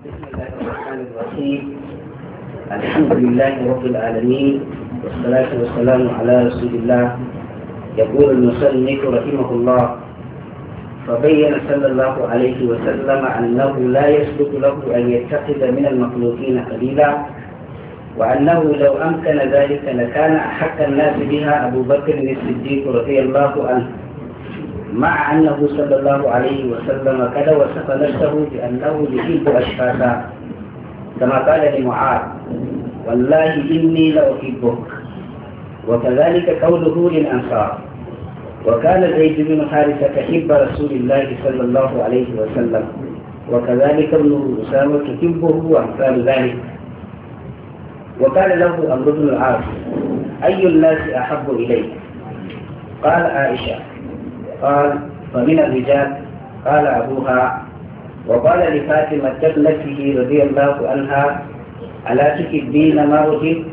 بسم الله الرحمن الرحيم الحمد لله رب العالمين والصلاة والسلام على رسول الله يقول المصنف رحمه الله فبين صلى الله عليه وسلم أنه لا يسلك له أن يتخذ من المخلوقين قليلا وأنه لو أمكن ذلك لكان أحق الناس بها أبو بكر الصديق رضي الله عنه مع أنه صلى الله عليه وسلم كذا وصف نفسه بأنه يحب أشخاصا كما قال لمعاذ والله إني لأحبك وكذلك قوله للأنصار وكان زيد بن حارثة يحب رسول الله صلى الله عليه وسلم وكذلك ابن أسامة تحبه وأمثال ذلك وقال له عمرو بن العاص أي الناس أحب إليك قال عائشة قال ومن الرجال قال أبوها وقال لفاطمة ابنته رضي الله عنها ألا تحبين ما أحب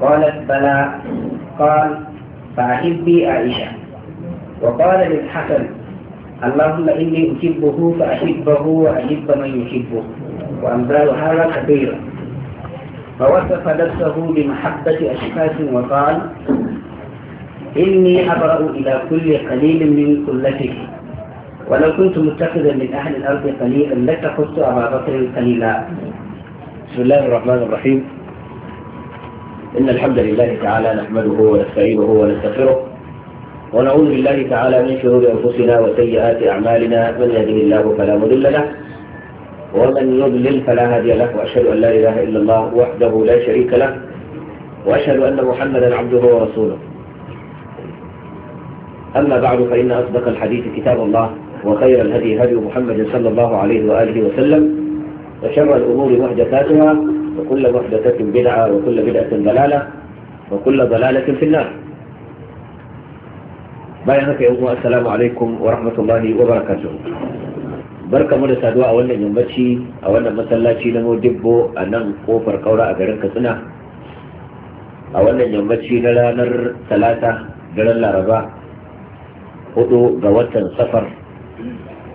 قالت بلى قال فأحبي عائشة وقال للحسن اللهم إني أحبه فأحبه وأحب من يحبه وأمثال هذا كثيرا فوصف نفسه بمحبة أشخاص وقال إني أبرأ إلى كل قليل من قلتك ولو كنت متخذا من أهل الأرض قليلا لاتخذت أبا بكر قليلا بسم الله الرحمن الرحيم إن الحمد لله تعالى نحمده ونستعينه ونستغفره ونعوذ بالله تعالى من شرور أنفسنا وسيئات أعمالنا من يهده الله فلا مضل له ومن يضلل فلا هادي له وأشهد أن لا إله إلا الله وحده لا شريك له وأشهد أن محمدا عبده ورسوله أما بعد فإن أصدق الحديث كتاب الله وخير الهدي هدي محمد صلى الله عليه وآله وسلم وشر الأمور محدثاتها وكل محدثة بدعة وكل بدعة ضلالة وكل ضلالة في النار bayan haka yan uwa assalamu alaikum wa rahmatullahi barka mu da saduwa a wannan yammaci a wannan masallaci na modibbo a nan kofar kaura a garin katsina a wannan yammaci na ranar talata daren laraba hudu ga watan safar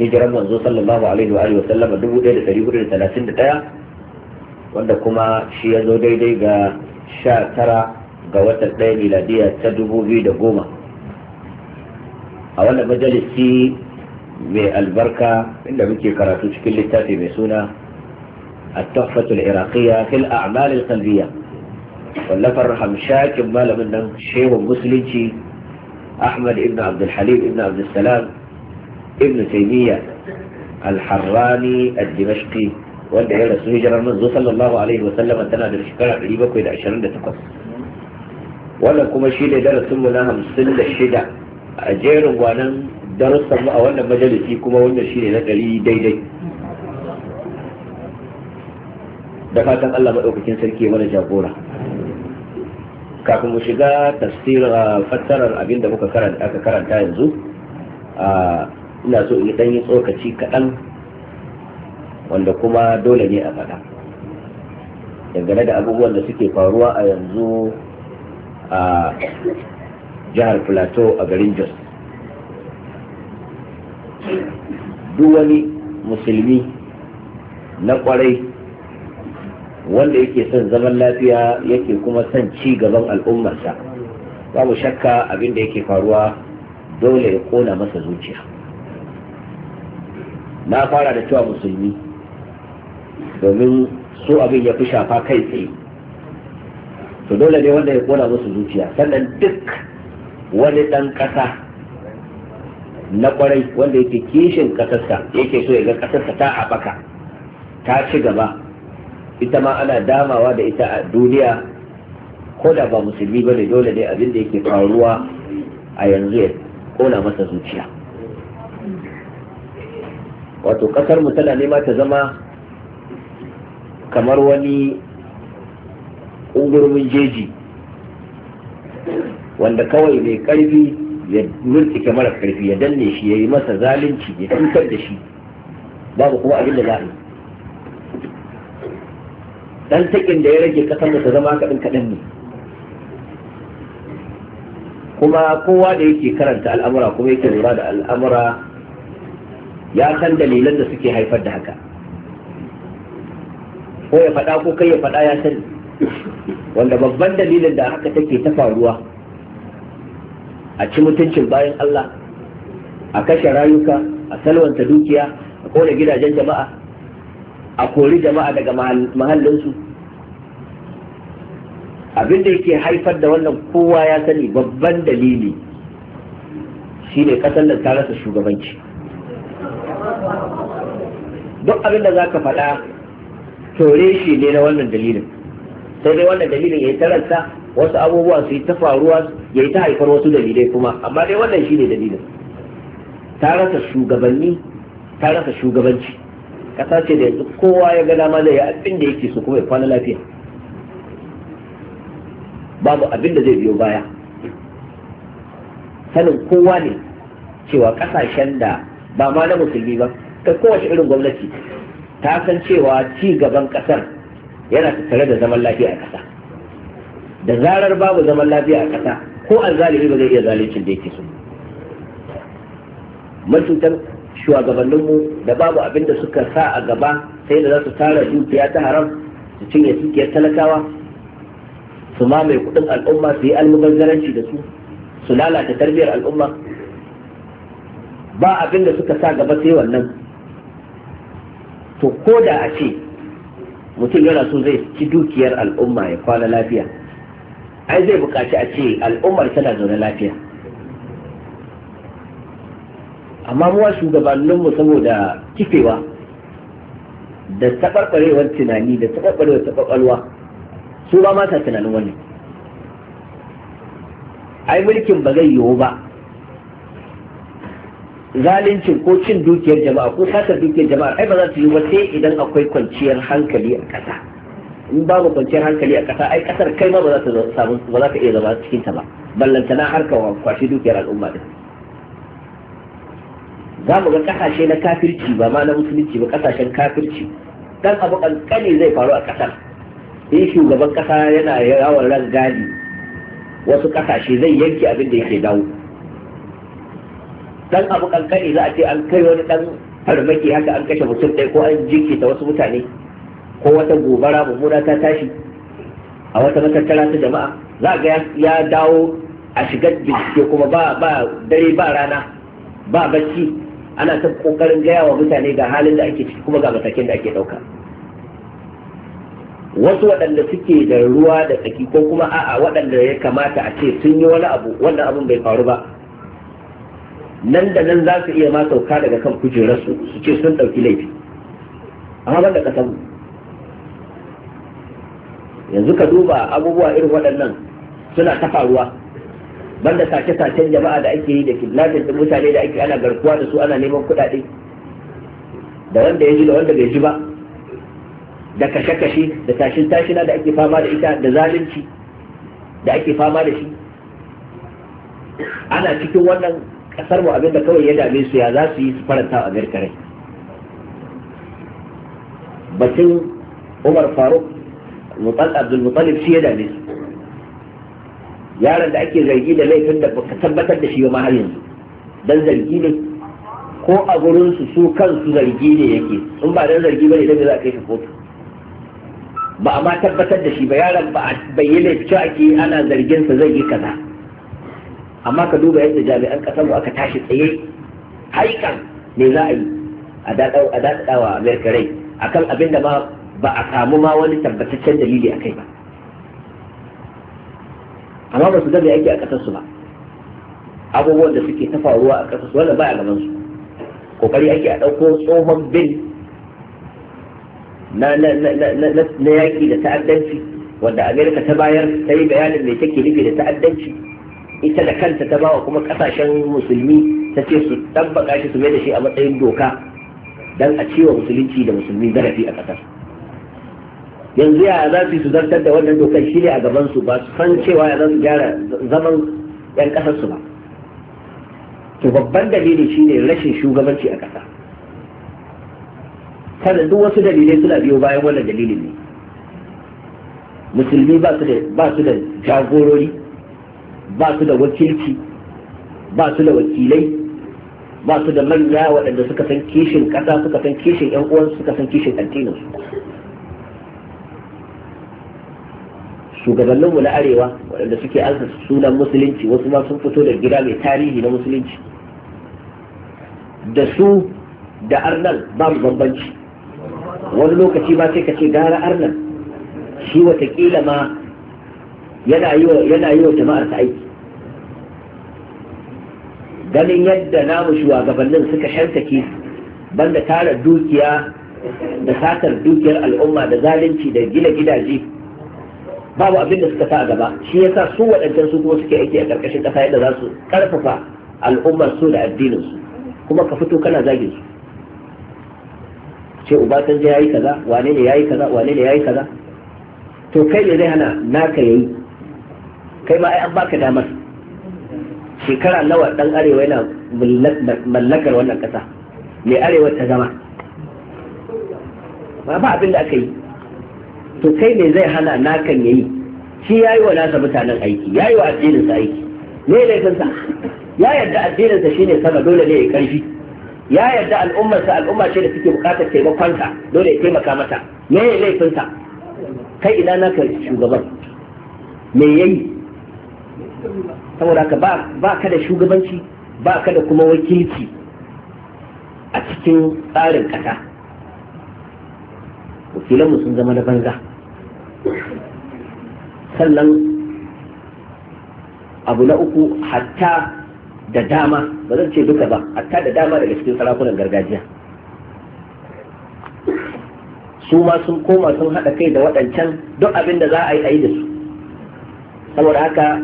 hijirar manzo sallallahu alaihi wa a dubu ɗaya da ɗari hudu da talatin da ɗaya wanda kuma shi ya zo daidai ga sha tara ga watan ɗaya miladiya ta dubu biyu da goma a wannan majalisi mai albarka inda muke karatu cikin littafi mai suna a التحفة العراقية fil الأعمال القلبية wallafar hamshakin malamin nan shehun musulunci. أحمد ابن عبد الحليم ابن عبد السلام ابن تيمية الحراني الدمشقي wanda ya rasu hijirar manzo sallallahu alaihi wa wasallam tana da shekara 728 wannan kuma shi ne darasin mu na 56 a jerin gwanan darussan mu a wannan majalisi kuma wannan shi ne na ɗari daidai da fatan Allah maɗaukakin sarki mana jagora kafin mu shiga tafsirin ah, fassarar abin da muka karanta aka karanta yanzu ah, ina so in dan yi tsokaci kaɗan wanda kuma dole ne a faɗa dangane da abubuwan da suke faruwa a yanzu a jihar plateau a garin jos duk wani musulmi na kwarai wanda yake son zaman lafiya yake kuma son ci gaban al'ummarsa babu shakka abin da yake faruwa dole ya kona masa zuciya na fara da cewa musulmi domin so abin ya fi shafa kai tsaye to dole ne wanda ya kona masa zuciya sannan duk wani ɗan ƙasa na kwarai wanda yake kishin ƙasarsa yake so ya ga ƙasarsa ta haɓaka ta ci gaba ita ma ana damawa da ita a duniya ko da ba musulmi ba ne dole ne abin da yake faruwa a yanzu ya kona masa zuciya wato kasar mu tana nema ta zama kamar wani ungurumin jeji wanda kawai mai karfi ya nurtike mara karfi ya danne shi ya yi masa zalunci ya cutar da shi babu kuma abin da za yi dan takin da ya rage kasar da ta zama kaɗan kaɗan ne kuma kowa da yake karanta al'amura kuma yake lura da al'amura ya san dalilan da suke haifar da haka ko ya faɗa ko kai ya faɗa ya sani wanda babban dalilin da haka take ta faruwa a ci mutuncin bayan Allah a kashe rayuka a salwanta dukiya a kone gidajen jama'a a kori jama'a daga mahallinsu abin da yake haifar da wannan kowa ya sani babban dalili shine kasar da ta rasa shugabanci duk abin da za ka faɗa tore shi ne na wannan dalilin sai dai wannan dalilin ya yi taranta wasu abubuwa su yi ta faruwa ya yi ta haifar wasu dalilai kuma amma dai wannan shi ne dalilin ta rasa shugabanni ta rasa shugabanci ƙasa ce da yanzu kowa ya ga dama zai yi abin da yake so kuma ya kwana lafiya babu abin da zai biyo baya sanin kowa ne cewa ƙasashen da ba ma na musulmi ba ta kowace irin gwamnati ta san cewa ci gaban ƙasar yana tattare da zaman lafiya a ƙasa da zarar babu zaman lafiya a ƙasa ko an zalimi ba zai iya zalincin da yake so shugabanninmu da babu abin da suka sa a gaba sai da za su tara dukiya ta haram su cinye dukiyar talakawa su mamaye kudin al'umma su yi almubazzaranci da su su lalata tarbiyyar al'umma ba abin da suka sa gaba sai wannan to ko da a ce mutum yana so zai ci dukiyar al'umma ya kwana lafiya ai zai buƙaci a ce al'ummar tana zaune lafiya amma muwa shugabanninmu saboda kifewa da taɓarɓarewar tunani da taɓarɓarewar taɓarɓarwa su ba ma tunanin wannan ai mulkin ba zai yiwu ba zalincin ko cin dukiyar jama'a ko satar dukiyar jama'a ai ba za su yi ba sai idan akwai kwanciyar hankali a ƙasa in babu kwanciyar hankali a ƙasa ai ƙasar kai ma ba za ta samu ba za ka iya zama cikin ta ba ballantana harkar kwashe dukiyar al'umma din za mu ga kasashe na kafirci ba ma na musulunci ba kasashen kafirci dan abu kankani zai faru a kasar in shugaban kasa yana yawon ran gadi wasu kasashe zai yanke abin da yake dawo dan abu kankani za a ce an kai wani dan farmaki haka an kashe mutum ɗaya ko an ta wasu mutane ko wata gobara mummuna ta tashi a wata matattara ta jama'a za ga ya dawo a shigar bincike kuma ba dare ba rana ba bacci ana ta kokarin gaya wa mutane ga halin da ake ciki kuma ga matakin da ake ɗauka wasu waɗanda suke da ruwa da tsaki ko kuma a'a waɗanda ya kamata a ce sun yi wani abu wannan abun bai faru ba nan da nan za su iya ma sauka daga kan kujerarsu su ce sun ɗauki laifi amma ban da san yanzu ka duba abubuwa irin waɗannan suna ta faruwa banda sace-sacen jama'a da ake yi da kidnapping din mutane da ake ana garkuwa da su ana neman kuɗaɗe da wanda ya ji da wanda bai ji ba da kashe-kashe da tashin tashina da ake fama da ita da zalunci da ake fama da shi ana cikin wannan kasar mu abinda kawai ya dame su ya za su yi su faranta a amerika rai batun umar faruk mutal abdul mutalib shi ya dame su yaron da ake zargi da laifin da baka tabbatar da shi ba har yanzu dan zargi ne ko a gurin su su kansu zargi ne yake in ba dan zargi bane dan za ka kai kotu ba a tabbatar da shi ba yaron ba a bayyana cewa ake ana zargin sa zai yi kaza amma ka duba yadda jami'an kasar aka tashi tsaye haikan me za a yi a a amerika rai akan abin da ma ba a samu ma wani tabbataccen dalili a kai ba amma ba su zama aiki a ƙasarsu ba abubuwan da suke ta faruwa a ƙasarsu wanda ba a gaban su kokari ake a ɗauko tsohon bil na yaƙi da ta'addanci wanda amerika ta bayar ta yi bayanin mai take nufi da ta'addanci ita da kanta ta bawa kuma kasashen musulmi ta ce su ɗabbaƙa shi su mai da shi a matsayin doka don a ciwa musulunci da musulmi zarafi a ƙasar yanzu ya za su zartar da wannan dokar shi ne a gaban su ba su san cewa ya za su gyara zaman yan kasar su ba to babban dalili shine rashin shugabanci a kasa kada duk wasu dalilai suna biyo bayan wannan dalilin ne musulmi ba su da ba su da jagorori ba su da wakilci ba su da wakilai ba su da manya waɗanda suka san kishin ƙasa suka san kishin 'yan uwansu suka san kishin addinin su shugabanninmu na arewa waɗanda suke ansa sunan musulunci wasu ma sun fito da gida mai tarihi na musulunci da su da arnan babu bambanci wani lokaci ma sai ka ce gara arnan shi watakila ma yana yi wa jama'ar ta aiki ganin yadda namu shugabannin suka shantaki banda tara dukiya da satar dukiyar al'umma da zalunci da gina gidaje babu abin da suka sa a gaba shi yasa su waɗancan su kuma suke aiki a ƙarƙashin ƙasa yadda za su ƙarfafa al'ummar su da addinin su kuma ka fito kana zagin su ce uba ya yi kaza wane ne ya yi kaza wane ne ya yi kaza to kai ne zai hana naka yayi kai ma ai an baka damar shekara nawa dan arewa yana mallakar wannan ƙasa mai arewa ta zama ba abin da aka yi to kai me zai hana nakan yayi shi yayi wa nasa mutanen aiki yayi wa addinin sa aiki me laifin sa ya yarda addinin sa shine sama dole ne ya karfi ya yarda al'ummar sa al'umma ce da suke bukatar taimakon sa dole ya taimaka mata me laifin sa kai ina naka shugaban me yayi saboda ka ba ka da shugabanci ba ka da kuma wakilci a cikin tsarin kasa wakilanmu sun zama na banza sannan abu na uku hatta da dama ba zan ce duka ba hatta da dama daga cikin sarakunan gargajiya su ma sun koma sun haɗa kai da waɗancan duk abin da za a yi a yi da su saboda haka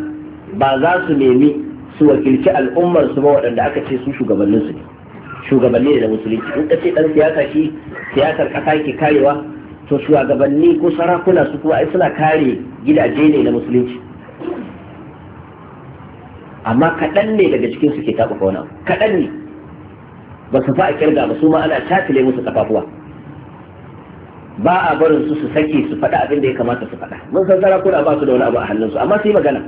ba za su nemi su wakilci al'ummarsu su ba waɗanda aka ce su shugabanninsu ne shugabanni ne da musulunci in ka ce ɗan siyasa shi siyasar ƙasa ke karewa to shugabanni ko sarakuna su kuwa suna kare gidaje ne na musulunci amma kaɗan ne daga cikin suke taɓa kauna kaɗan ne ba su fa'a kirga ba su ma ana tatile musu kafafuwa ba a barin su su saki su faɗa abin da ya kamata su faɗa mun san sarakuna ba su da wani abu a hannunsu amma sai yi magana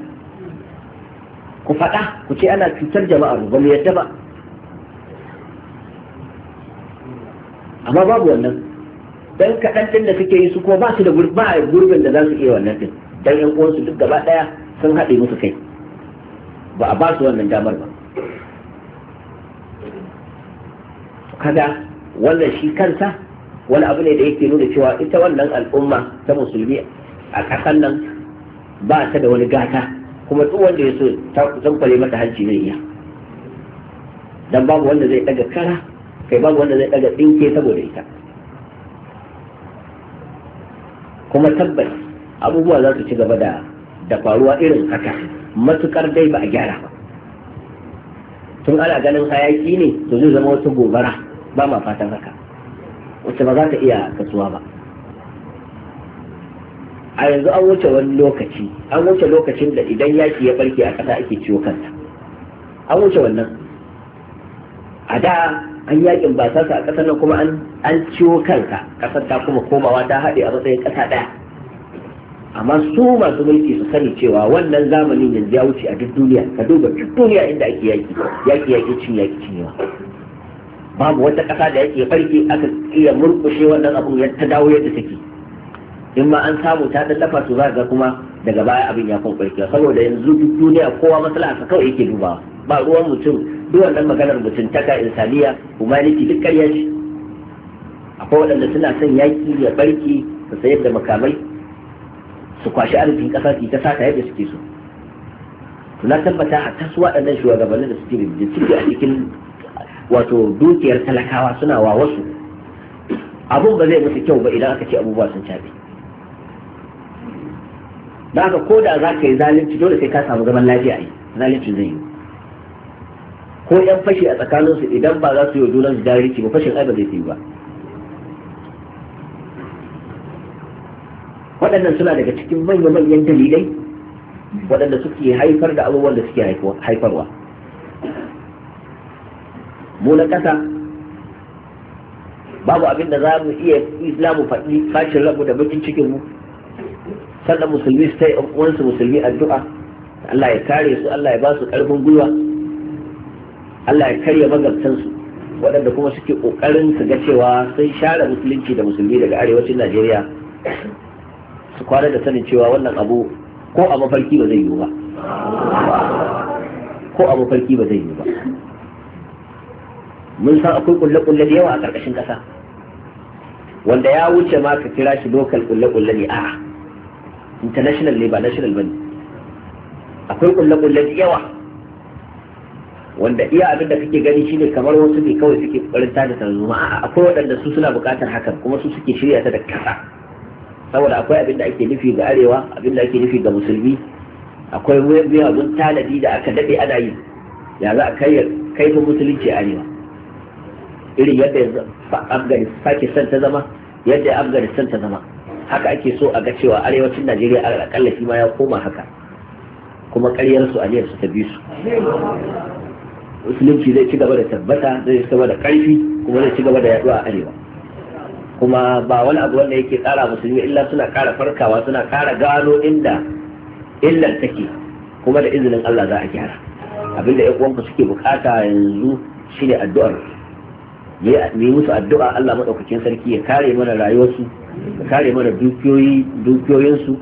ku faɗa ku ce ana cutar jama'a ba mu yadda ba amma babu wannan dan kaɗan ɗin da suke yi su ko ba su da gurbin da za su iya wannan ɗin dan yan uwansu duk gaba ɗaya sun haɗe musu kai ba a ba su wannan damar ba kada wannan shi kansa wani abu ne da yake nuna cewa ita wannan al'umma ta musulmi a ƙasan nan ba ta da wani gata kuma duk wanda ya so zankwale mata hanci zai iya dan babu wanda zai ɗaga kara kai babu wanda zai ɗaga ɗinke saboda ita kuma tabbas abubuwa za su ci gaba da da faruwa irin haka matukar dai ba a gyara ba tun ana ganin hayaki ne to zai zama wata gobara ba ma fatan haka wacce ba za ta iya kasuwa ba a yanzu an wuce wani lokaci an wuce lokacin da idan yaki ya barke a kasa ake ciwo kanta an wuce wannan a da an yakin ba sa a kasar nan kuma an ciwo kanka kasar ta kuma komawa ta haɗe a matsayin ƙasa ɗaya amma su masu mulki su sani cewa wannan zamanin yanzu ya wuce a duk duniya ka duba duk duniya inda ake yaki yaki yaki cin yaki yawa babu wata ƙasa da yake farki aka iya murƙushe wannan abu ya ta dawo yadda take in ma an samu ta tallafa su za ga kuma daga baya abin ya kun saboda yanzu duk duniya kowa maslaha kawai yake dubawa ba ruwan mutum duk wannan maganar mutuntaka insaniya humanity duk ƙarya ce akwai waɗanda suna son yaƙi ya barki su sayar da makamai su kwashi arzikin ƙasa su yi ta sata yadda suke so to na tabbata a tasu waɗannan shugabannin da suke da suke a cikin wato dukiyar talakawa suna wa wasu abun ba zai musu kyau ba idan aka ce abubuwa sun cabe da haka ko da za ka yi zalunci dole sai ka samu zaman lafiya yi zalunci zai yi ko yan fashi a tsakaninsu idan ba za su yi wa su jahilci ba fashin ai ba zai yi ba waɗannan suna daga cikin manya-manyan dalilai waɗanda suke haifar da abubuwan da suke haifarwa mu na ƙasa babu abin da za mu iya islamu faɗi fashin rabu da bakin cikin mu sannan musulmi su ta yi musulmi addu'a Allah ya kare su Allah ya ba su ƙarfin gwiwa Allah ya karya magabtansu waɗanda kuma suke ƙoƙarin su ga cewa sun share musulunci da musulmi daga arewacin Najeriya su kwana da sanin cewa wannan abu ko a mafarki ba zai yiwu ba ko a mafarki ba zai yiwu ba mun san akwai ƙulle kulle da yawa a ƙarƙashin ƙasa wanda ya wuce ma ka kira shi lokal ƙulle kulle ne a international ne ba national ba ne akwai ƙulle kulle da yawa wanda iya abin da kake gani shine kamar wasu ne kawai suke kokarin tada tarzoma a'a akwai waɗanda su suna buƙatar hakan kuma su suke shirya ta da kasa saboda akwai abin da ake nufi ga arewa abin da ake nufi ga musulmi akwai miyagun tanadi da aka daɗe ana yi ya za a kai kaifin musulunci arewa irin yadda pakistan ta zama yadda afghanistan ta zama haka ake so a ga cewa arewacin najeriya a ƙalla shi ma ya koma haka kuma karyar su su ta bi su musulunci zai ci gaba da tabbata zai ci gaba da karfi kuma zai ci gaba da yaduwa a arewa kuma ba wani abu wanda yake kara musulmi illa suna kara farkawa suna kara gano inda illar take kuma da izinin Allah za a gyara abinda ya uwanku suke bukata yanzu shine addu'ar mu yi musu addu'a Allah madaukakin sarki ya kare mana rayuwarsu ya kare mana dukiyoyi dukiyoyinsu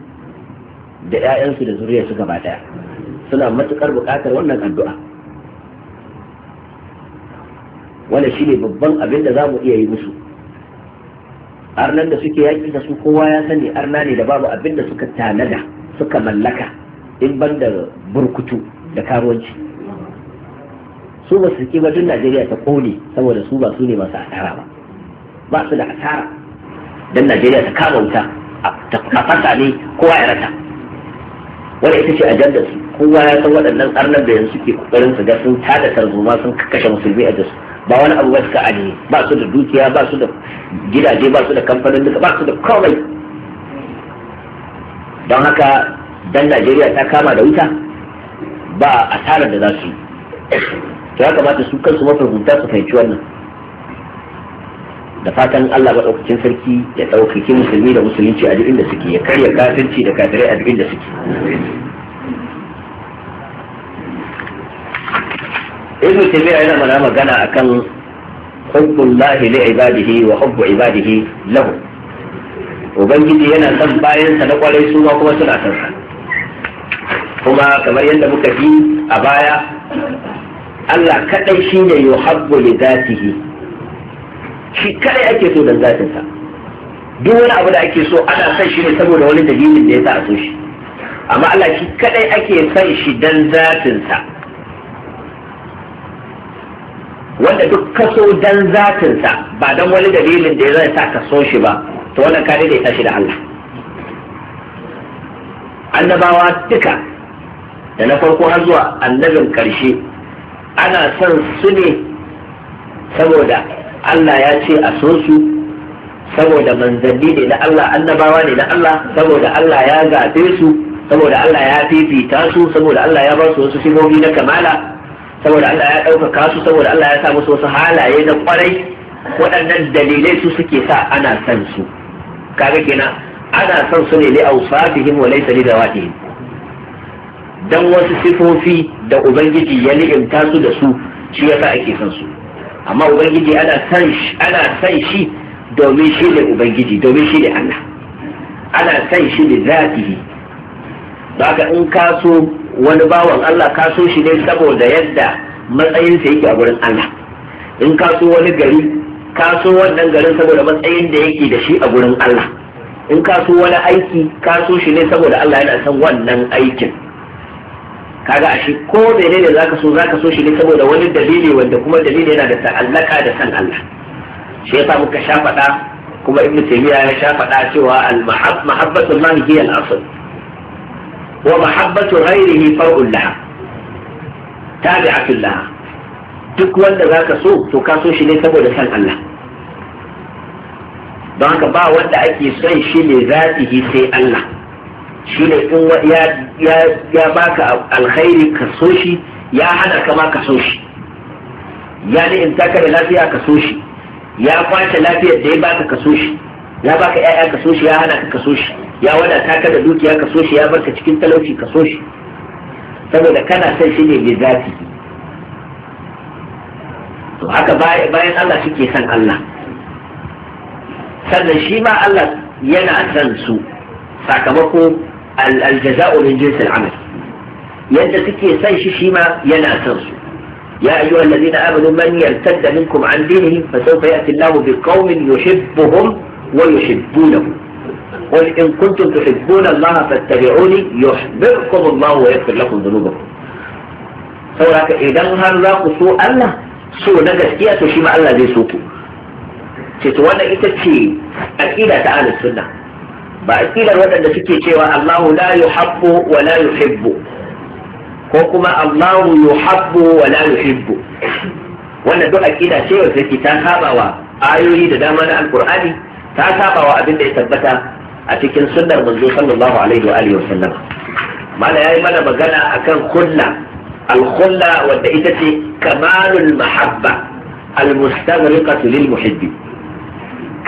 da 'ya'yansu da zuriyarsu gaba daya suna matukar bukatar wannan addu'a wanda ne babban abin da za mu iya yi musu arnan da suke yaki da su kowa ya sani arna ne da babu abin da suka tanada suka mallaka in ban da burkutu da karuwanci su ba su ba duk najeriya ta kone saboda su ba su ne masu asara ba ba su da asara don najeriya ta kama wuta a fasa ne kowa ya rasa wani ita ce a ajandar su kowa ya san waɗannan arnar da yanzu suke kokarin su ga sun tada tarzoma sun kashe musulmi a jasu ba wani abu ba suka ajiye ba su da dukiya ba su da gidaje ba su da kamfanin duka ba su da komai don haka dan najeriya ta kama da wuta ba asarar da za su yi to ya kamata su kansu mafarkunta su fahimci wannan da fatan Allah maɗaukakin sarki ya ɗaukaki musulmi da musulunci a duk da suke ya karya kafirci da kafirai a duk da suke ibnu taymiya yana mana magana akan hubbullahi li ibadihi wa hubbu ibadihi lahu ubangiji yana son sa na kwarai su ma kuma suna son sa kuma kamar yadda muka ji a baya Allah kadai shine yuhabbu li dhatihi shi kadai ake so don zatinsa duk wani abu da ake so ana son shi ne saboda wani dalilin da ya sa a so shi amma Allah shi kadai ake son shi dan zatinsa wanda duk kaso dan zatinsa ba dan wani dalilin da ya zai sa ka so shi ba to wannan ka daidaita shi da Allah annabawa duka da na farko har zuwa annabin karshe ana son su ne saboda Allah ya ce a so su saboda manzanni ne na Allah annabawa ne na Allah saboda Allah ya zaɓe su saboda Allah ya fifita su saboda Allah ya ba su wasu sifofi na kamala saboda Allah ya ɗaukaka su saboda Allah ya sa musu wasu halaye na kwarai waɗannan dalilai su suke sa ana san su kaga kenan ana san su ne a awsafihim wa laysa li zawatihim dan wasu sifofi da ubangiji ya li'imta su da su shi yasa ake san su amma ubangiji ana san shi ana san domin shi ne ubangiji domin shi ne Allah ana san shi ne zatihi baka in ka so wani bawan Allah ka so shi ne saboda yadda matsayinsa yake a gurin Allah in ka so wani gari ka so wannan garin saboda matsayin da yake da shi a gurin Allah in ka so wani aiki ka so shi ne saboda Allah yana san wannan aikin kaga ashe ko da ne da zaka so zaka so shi ne saboda wani dalili wanda kuma dalili yana da ta'allaka da san Allah shi yasa muka sha faɗa kuma ibnu taymiya ya sha faɗa cewa al-mahabbatu Allah hiya al-asl wa mahabbatu ghayrihi far'un laha tabi'atun laha duk wanda zaka so to ka so shi ne saboda san Allah don haka ba wanda ake son shi ne zatihi sai Allah shi ne in ya baka alkhairi ka so shi ya hana ka ma ka so shi ya ne in taka da lafiya ka so shi ya kwace lafiyar da ya baka ka so shi ya baka ƴaƴa ka so shi ya hana ka ka so shi ya wada taka da dukiya ka so shi ya barka cikin talauci ka so shi saboda kana son shi ne mai zafi to haka bayan Allah shi ke son Allah sannan shi ma Allah yana son su sakamako الجزاء من جنس العمل يد تكي سيشي ما ينا يا أيها الذين آمنوا من يرتد منكم عن دينه فسوف يأتي الله بقوم يحبهم ويحبونه قل إن كنتم تحبون الله فاتبعوني يحببكم الله ويغفر لكم ذنوبكم سورك إذا هل راق سوء الله سوء نجس كيأتو شما الله ذي سوكو تتوانا إتتشي أكيدا تعالى السنة ba aƙidar waɗanda suke cewa Allahu la yuhabbu wa la yuhibbu ko kuma Allahu yuhabbu wa la yuhibbu wannan duk aƙida ce wacce take ta saba ayoyi da dama na alqur'ani ta saba abin da ya tabbata a cikin sunnar manzo sallallahu alaihi wa alihi wasallam mala yayi mana magana akan kulla al-khulla wadda ita ce kamalul mahabba al-mustaghriqatu lil muhibbi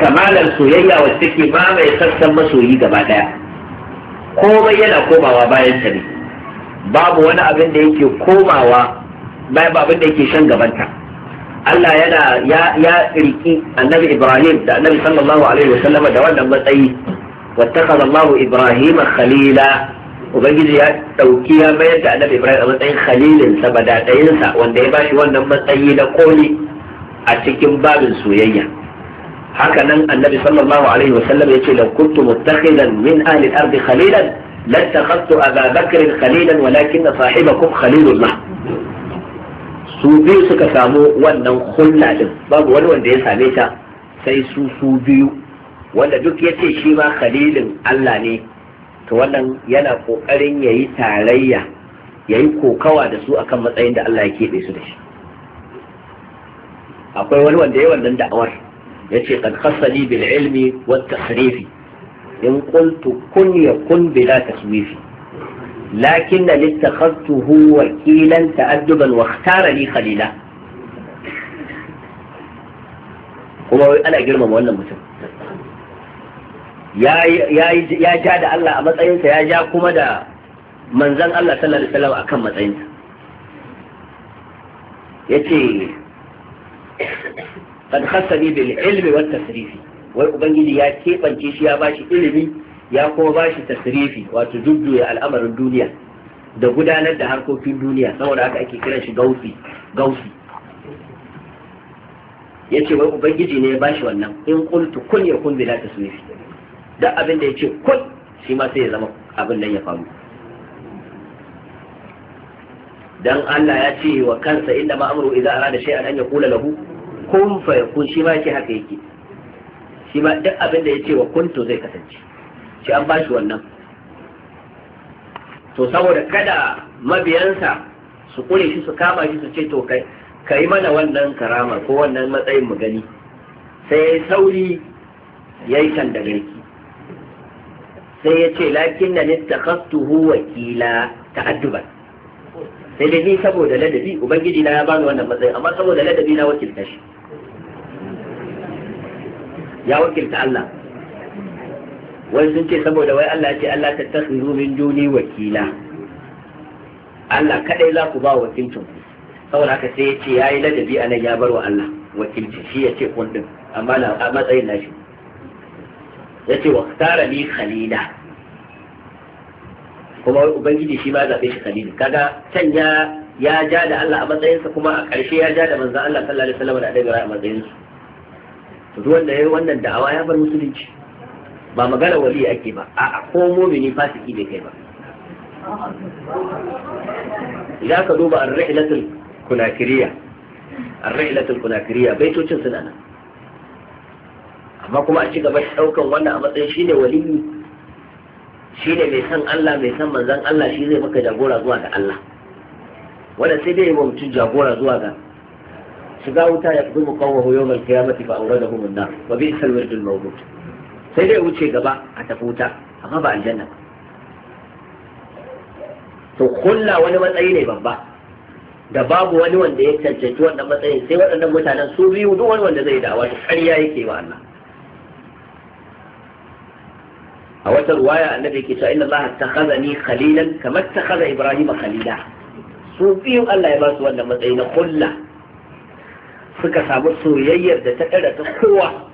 kamalar soyayya wacce take mai sassan masoyi gaba daya komai yana komawa bayan ta ne babu wani abin da yake komawa bayan abin da yake shan gabanta Allah yana ya ya annabi Ibrahim da annabi sallallahu alaihi sallama da wannan matsayi wattakhadha Allahu Ibrahim khalila ubangiji ya dauki ya mayar da annabi Ibrahim a matsayin khalilin sa dayinsa wanda ya bashi wannan matsayi na koli a cikin babin soyayya Hakanan annabi sallallahu alaihi wasallam ya ce lau kuntu muttakhidan min ahli al-ardi khalilan لاتخذت أبا بكر خليلا ولكن صاحبكم خليل su biyu suka samu wannan hulla din babu wani wanda ya same ta sai su su biyu wanda duk ya ce shi ma khalilin Allah ne to wannan yana kokarin yayi tarayya yayi kokawa da su akan matsayin da Allah ya keɓe su da shi akwai wani wanda ya wannan da'awar yace qad khassani bil ilmi wat tasrifi in qultu kun yakun bila taswifi لكن لاتخذته وكيلا تأدبا واختار لي خليلا kuma ana girmama wannan mutum ya ja da Allah a matsayinsa ya ja kuma da manzan Allah sallallahu alaihi wasallam akan matsayinsa yace qad khassani da ilimi wa tasirifi, wai ubangiji ya keɓance shi ya bashi ilimi ya kuma bashi tasirifi wato jujjuya al'amarin duniya da gudanar da harkokin duniya saboda haka ake kiran shi gausi gausi yace wai ubangiji ne ya bashi wannan in kuntu kun kun bila tasirifi, don abin da ya ce kun shi ma sai ya zama abin nan ya faru dan Allah ya ce wa kansa inda ma amru idza arada shay'an an yaqula lahu kun fa kun shi ma yake haka yake shi ma duk abin da ya ce wa kuntu zai kasance shi an bashi wannan to saboda kada mabiyansa su kure shi su kama shi su ce to kai kai mana wannan karama ko wannan matsayin mu gani sai sauri yayi kan da garki sai ya ce lakin na nittakastuhu wakila ta'adduban sai da ni saboda ladabi ubangiji na ya bani wannan matsayi amma saboda ladabi na wakilta shi ya wakilta Allah wani sun ce saboda wai Allah ce Allah ta tasiru min juni wakila Allah kadai za ku ba wakilcin ku saboda haka sai ya ce ya yi ladabi a nan ya bar wa Allah wakilci shi ya ce kun amma amma a matsayin nashi ya ce wa tara ni khalila kuma wai ubangiji shi ma zaɓe shi khalil kaga can ya ya ja da Allah a matsayinsa kuma a ƙarshe ya ja da manzon Allah sallallahu alaihi wasallam da annabi a matsayinsu to duk wanda yayi wannan da'awa ya bar musulunci ba magana wali ake ba a ko mumini fasiki bai kai ba idan ka duba ar-rihlatul kunakiriya ar-rihlatul kunakiriya baitocin suna nan amma kuma a ci gaba da daukan wannan a matsayin shine wali shine mai san Allah mai san manzon Allah shi zai maka jagora zuwa ga Allah wanda sai dai ya mutum jagora zuwa ga شجاوتا يقدم قومه يوم القيامة فأوردهم النار وبئس الورد الموجود sai dai wuce gaba a tafi wuta amma ba aljanna to kulla wani matsayi ne babba da babu wani wanda ya cancanci wannan matsayin sai waɗannan mutanen su biyu duk wani wanda zai da'awa to ƙarya yake wa Allah a wata ruwaya annabi yake cewa inna Allah takhazani khalilan kamar takhaza Ibrahim khalila su biyu Allah ya ba su wannan matsayi na kulla suka samu soyayyar da ta ɗara ta kowa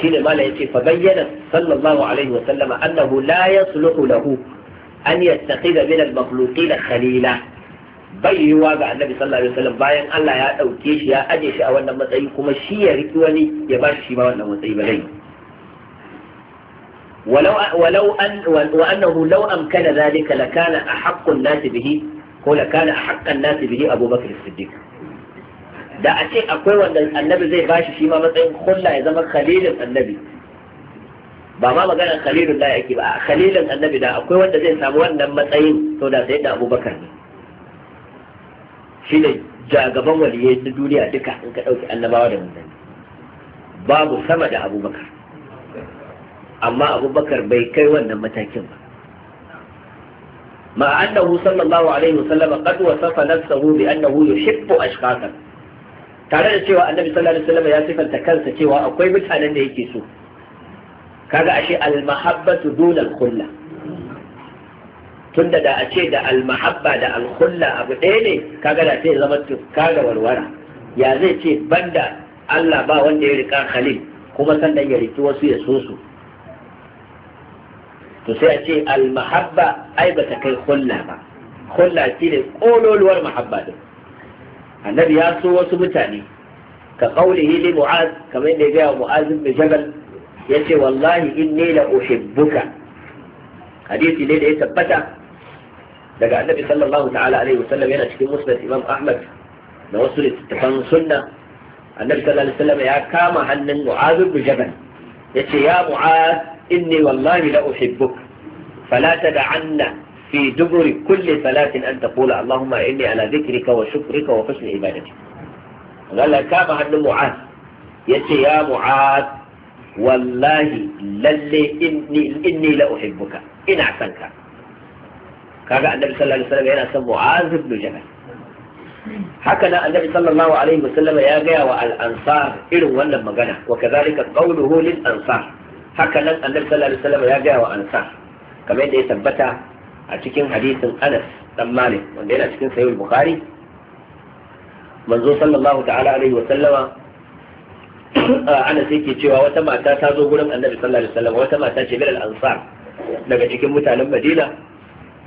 shine mala yace fa bayyana sallallahu alaihi wa sallama annahu la yasluhu lahu an yattakhidha min al-makhluqin khalila bayyewa ga annabi sallallahu alaihi wasallam bayan Allah ya dauke shi ya aje shi a wannan matsayi kuma shi ya riki wani ya ba shi ma wannan matsayi ba zai ولو ولو ان وانه لو امكن ذلك لكان احق الناس به ko احق الناس به ابو بكر الصديق da a ce akwai wanda annabi zai bashi shi ma matsayin kulla ya zama khalilin annabi ba ma maganar khalilun da yake ba khalilin annabi da akwai wanda zai samu wannan matsayin to da sai da abubakar ne shi ne jagaban waliyai na duniya duka in ka ɗauki annabawa da wannan babu sama da abubakar amma abubakar bai kai wannan matakin ba مع أنه صلى الله عليه وسلم قد وصف نفسه annahu يحب أشخاصا tare da cewa annabi sallallahu alaihi wasallam ya sifanta kansa cewa akwai mutanen da yake so kaga ashe al-mahabbatu dun al-khulla tunda da a ce da al-mahabba da al-khulla abu ɗaya ne kaga da sai zama tuka warwara ya zai ce banda Allah ba wanda ya rika khalil kuma sannan ya riki wasu ya so su to sai a ce al-mahabba ai bata kai khulla ba khulla shine kololuwar mahabba din annabi ya so wasu mutane ka qaulihi li mu'az kamar yadda ya ga mu'az bin jabal yace wallahi inni la uhibbuka hadisi ne da ya tabbata daga annabi sallallahu ta'ala alaihi wasallam yana cikin musnad imam ahmad da wasu littattafan sunna annabi sallallahu alaihi wasallam ya kama hannun mu'az bin jabal yace ya mu'az inni wallahi la uhibbuk fala tad'anna في دبر كل صلاة أن تقول اللهم إني على ذكرك وشكرك وحسن عبادتك قال كما أن معاذ يتي يا معاذ والله للي إني, إني لأحبك إن أحسنك كما النبي صلى الله عليه وسلم هنا سمى معاذ بن جبل هكذا النبي صلى الله عليه وسلم يا جاء والأنصار إلو ولا مجنة وكذلك قوله للأنصار هكذا النبي صلى الله عليه وسلم يا جاء والأنصار كما يثبت a cikin hadisin Anas dan Malik wanda yana cikin Sahih Bukhari manzo sallallahu ta'ala alaihi wa sallama Anas yake cewa wata mata ta zo gurin Annabi sallallahu alaihi wa sallama wata mata ce bilal ansar daga cikin mutanen Madina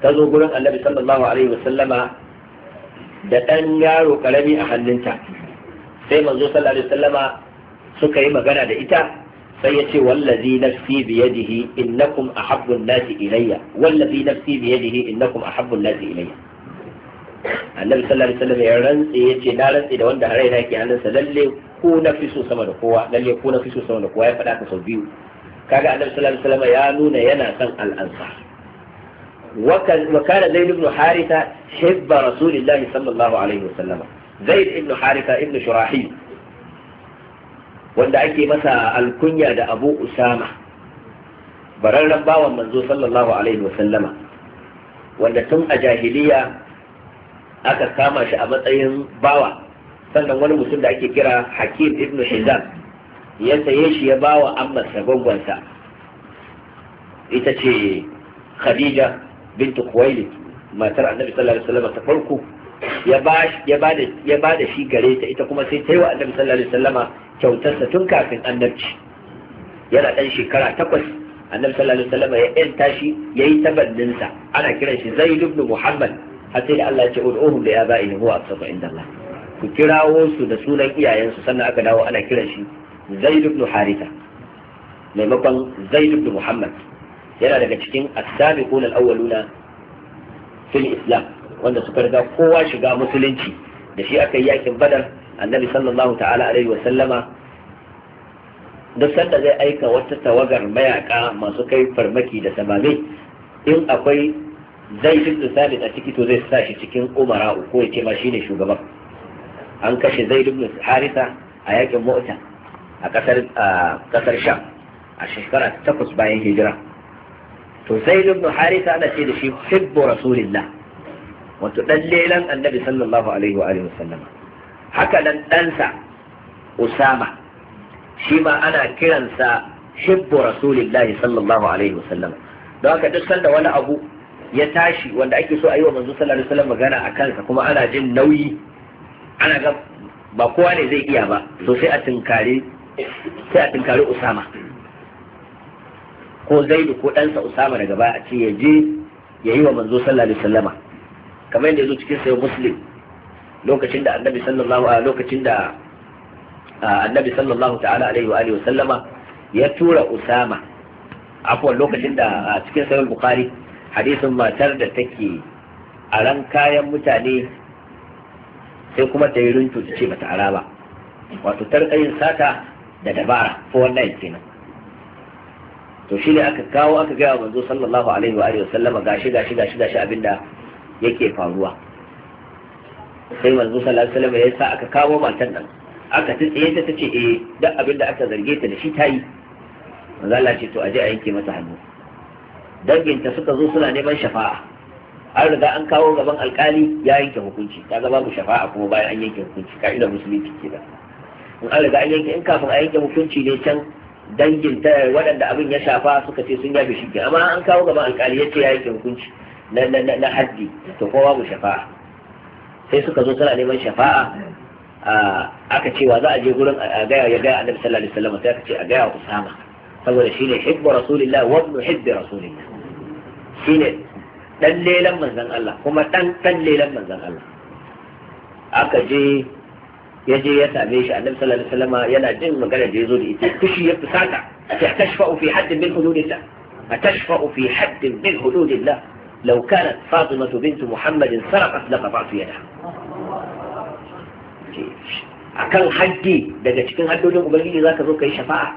ta zo gurin Annabi sallallahu alaihi wa sallama da dan yaro karami a hannunta sai manzo sallallahu alaihi wa sallama suka yi magana da ita sai ya ce wallazi nafsi biyadihi innakum ahabbun nasi ilayya wallazi nafsi biyadihi innakum ahabbun nasi ilayya annabi sallallahu alaihi wasallam ya rantsi ya ce na rantsi da wanda raina ke hannunsa lalle ko na so sama da kowa lalle ko na fi so sama da kowa ya faɗa ka sau biyu kaga annabi sallallahu alaihi wasallam ya nuna yana son al'ansar wa kana zaid ibn haritha hibba rasulillahi sallallahu alaihi wasallam zaid ibn haritha ibn shurahil wanda ake masa alkunya da abu usama bararren bawan manzo sallallahu alaihi wasallama wanda tun a jahiliya aka kama shi a matsayin bawa sannan wani mutum da ake kira hakim ibn hizam ya saye shi ya bawa ammarsa gwangwansa ita ce khadija bintu kuwaili matar annabi sallallahu alaihi ta farko ya ba da shi gare ta ita kuma sai ta yi wa annabi sallallahu alaihi wasallama kyautarsa tun kafin annabci yana ɗan shekara takwas annabi sallallahu alaihi wasallama ya yanta shi ya yi sa ana kiran shi zaid ibn muhammad har sai da Allah ya ce ya ba ilmi huwa aqsatu inda Allah ku kirawo su da sunan iyayensu sannan aka dawo ana kiran shi zaid ibn haritha maimakon zaid ibn muhammad yana daga cikin as-sabiqun al-awwaluna fil islam wanda suka riga kowa shiga musulunci da shi aka yi yakin badar annabi sallallahu ta'ala alaihi wa sallama duk sanda zai aika wata tawagar mayaka masu kai farmaki da samame in akwai zai fi sabit a ciki to zai sa shi cikin umara ko ya ce ma shine shugaban an kashe zai ibn harisa a yakin mota a kasar kasar sham a shekara takwas bayan hijira to zai ibn harisa ana ce da shi hibbu rasulillah wato dan lelan annabi sallallahu alaihi wa alihi wasallam haka nan ɗansa usama shi ma ana kiransa hibbu rasulillahi sallallahu alaihi wasallam don haka duk sanda wani abu ya tashi wanda ake so a yi wa manzo sallallahu alaihi wasallam magana a kansa kuma ana jin nauyi ana ga ba kowa ne zai iya ba to sai a tinkare sai a tunkare usama ko zaidu ko ɗansa usama daga baya a ce ya je ya yi wa manzo sallallahu alaihi wasallama kamar yadda ya zo cikin sayo muslim lokacin da annabi sallallahu a lokacin da annabi sallallahu ta'ala alaihi wa alihi sallama ya tura usama afwan lokacin da cikin sayo bukari hadisin matar da take a ran kayan mutane sai kuma ta yi runtu ta ce bata ara ba wato tarkayin sata da dabara ko wannan kenan to shi ne aka kawo aka gaya manzo sallallahu alaihi wa alihi sallama gashi gashi gashi gashi abinda yake faruwa sai manzo sallallahu alaihi wasallam ya sa aka kawo matan nan aka tsaye ta tace eh duk abin da aka zarge ta da shi tayi manzo Allah ce to aje a yanke mata hannu danginta suka zo suna neman shafa'a an riga an kawo gaban alkali ya yanke hukunci kaga babu shafa'a kuma bayan an yanke hukunci ka'idar musulunci da. in an riga an yanke in kafin a yanke hukunci ne can dangin ta waɗanda abin ya shafa suka ce sun yafe shi amma an kawo gaban alkali ya ce ya yanke hukunci na haddi to kuma babu shafa'a sai suka zo suna neman shafa'a aka cewa za a je gurin a gaya ya gaya annabi sallallahu alaihi wasallam sai aka ce a gaya wa usama saboda shine hibbu rasulillah wa ibn hibbi rasulillah shine dan lelan manzon Allah kuma dan dan lelan manzon Allah aka je ya je ya same shi annabi sallallahu alaihi wasallam yana jin magana da yazo da ita kishi ya fusata ta tashfa fi haddin min hududillah atashfa fi haddin min hududillah لو كانت فاطمة بنت محمد سرقت لقطعت يدها akan haddi daga cikin haddojin ubangiji zaka zo kai shafa'a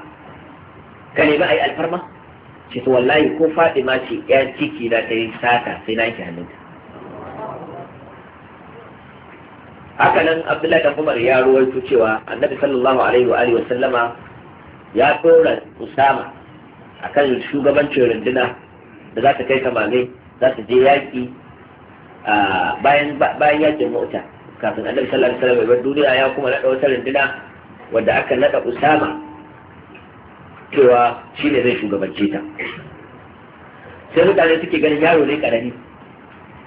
ka nemi ai alfarma ce wallahi ko Fatima ce yar ciki na ta yi sata sai na ki hannunta haka nan Abdullahi da Umar ya ruwaito cewa Annabi sallallahu ya dora Usama akan shugabancin runduna da za ta kai samani. za su je yaƙi bayan bayan yaƙin mota kafin annabi sallallahu alaihi wasallam bar duniya ya kuma naɗa wata runduna wadda aka naɗa usama cewa shi ne zai shugabance ta sai mutane suke ganin yaro ne karami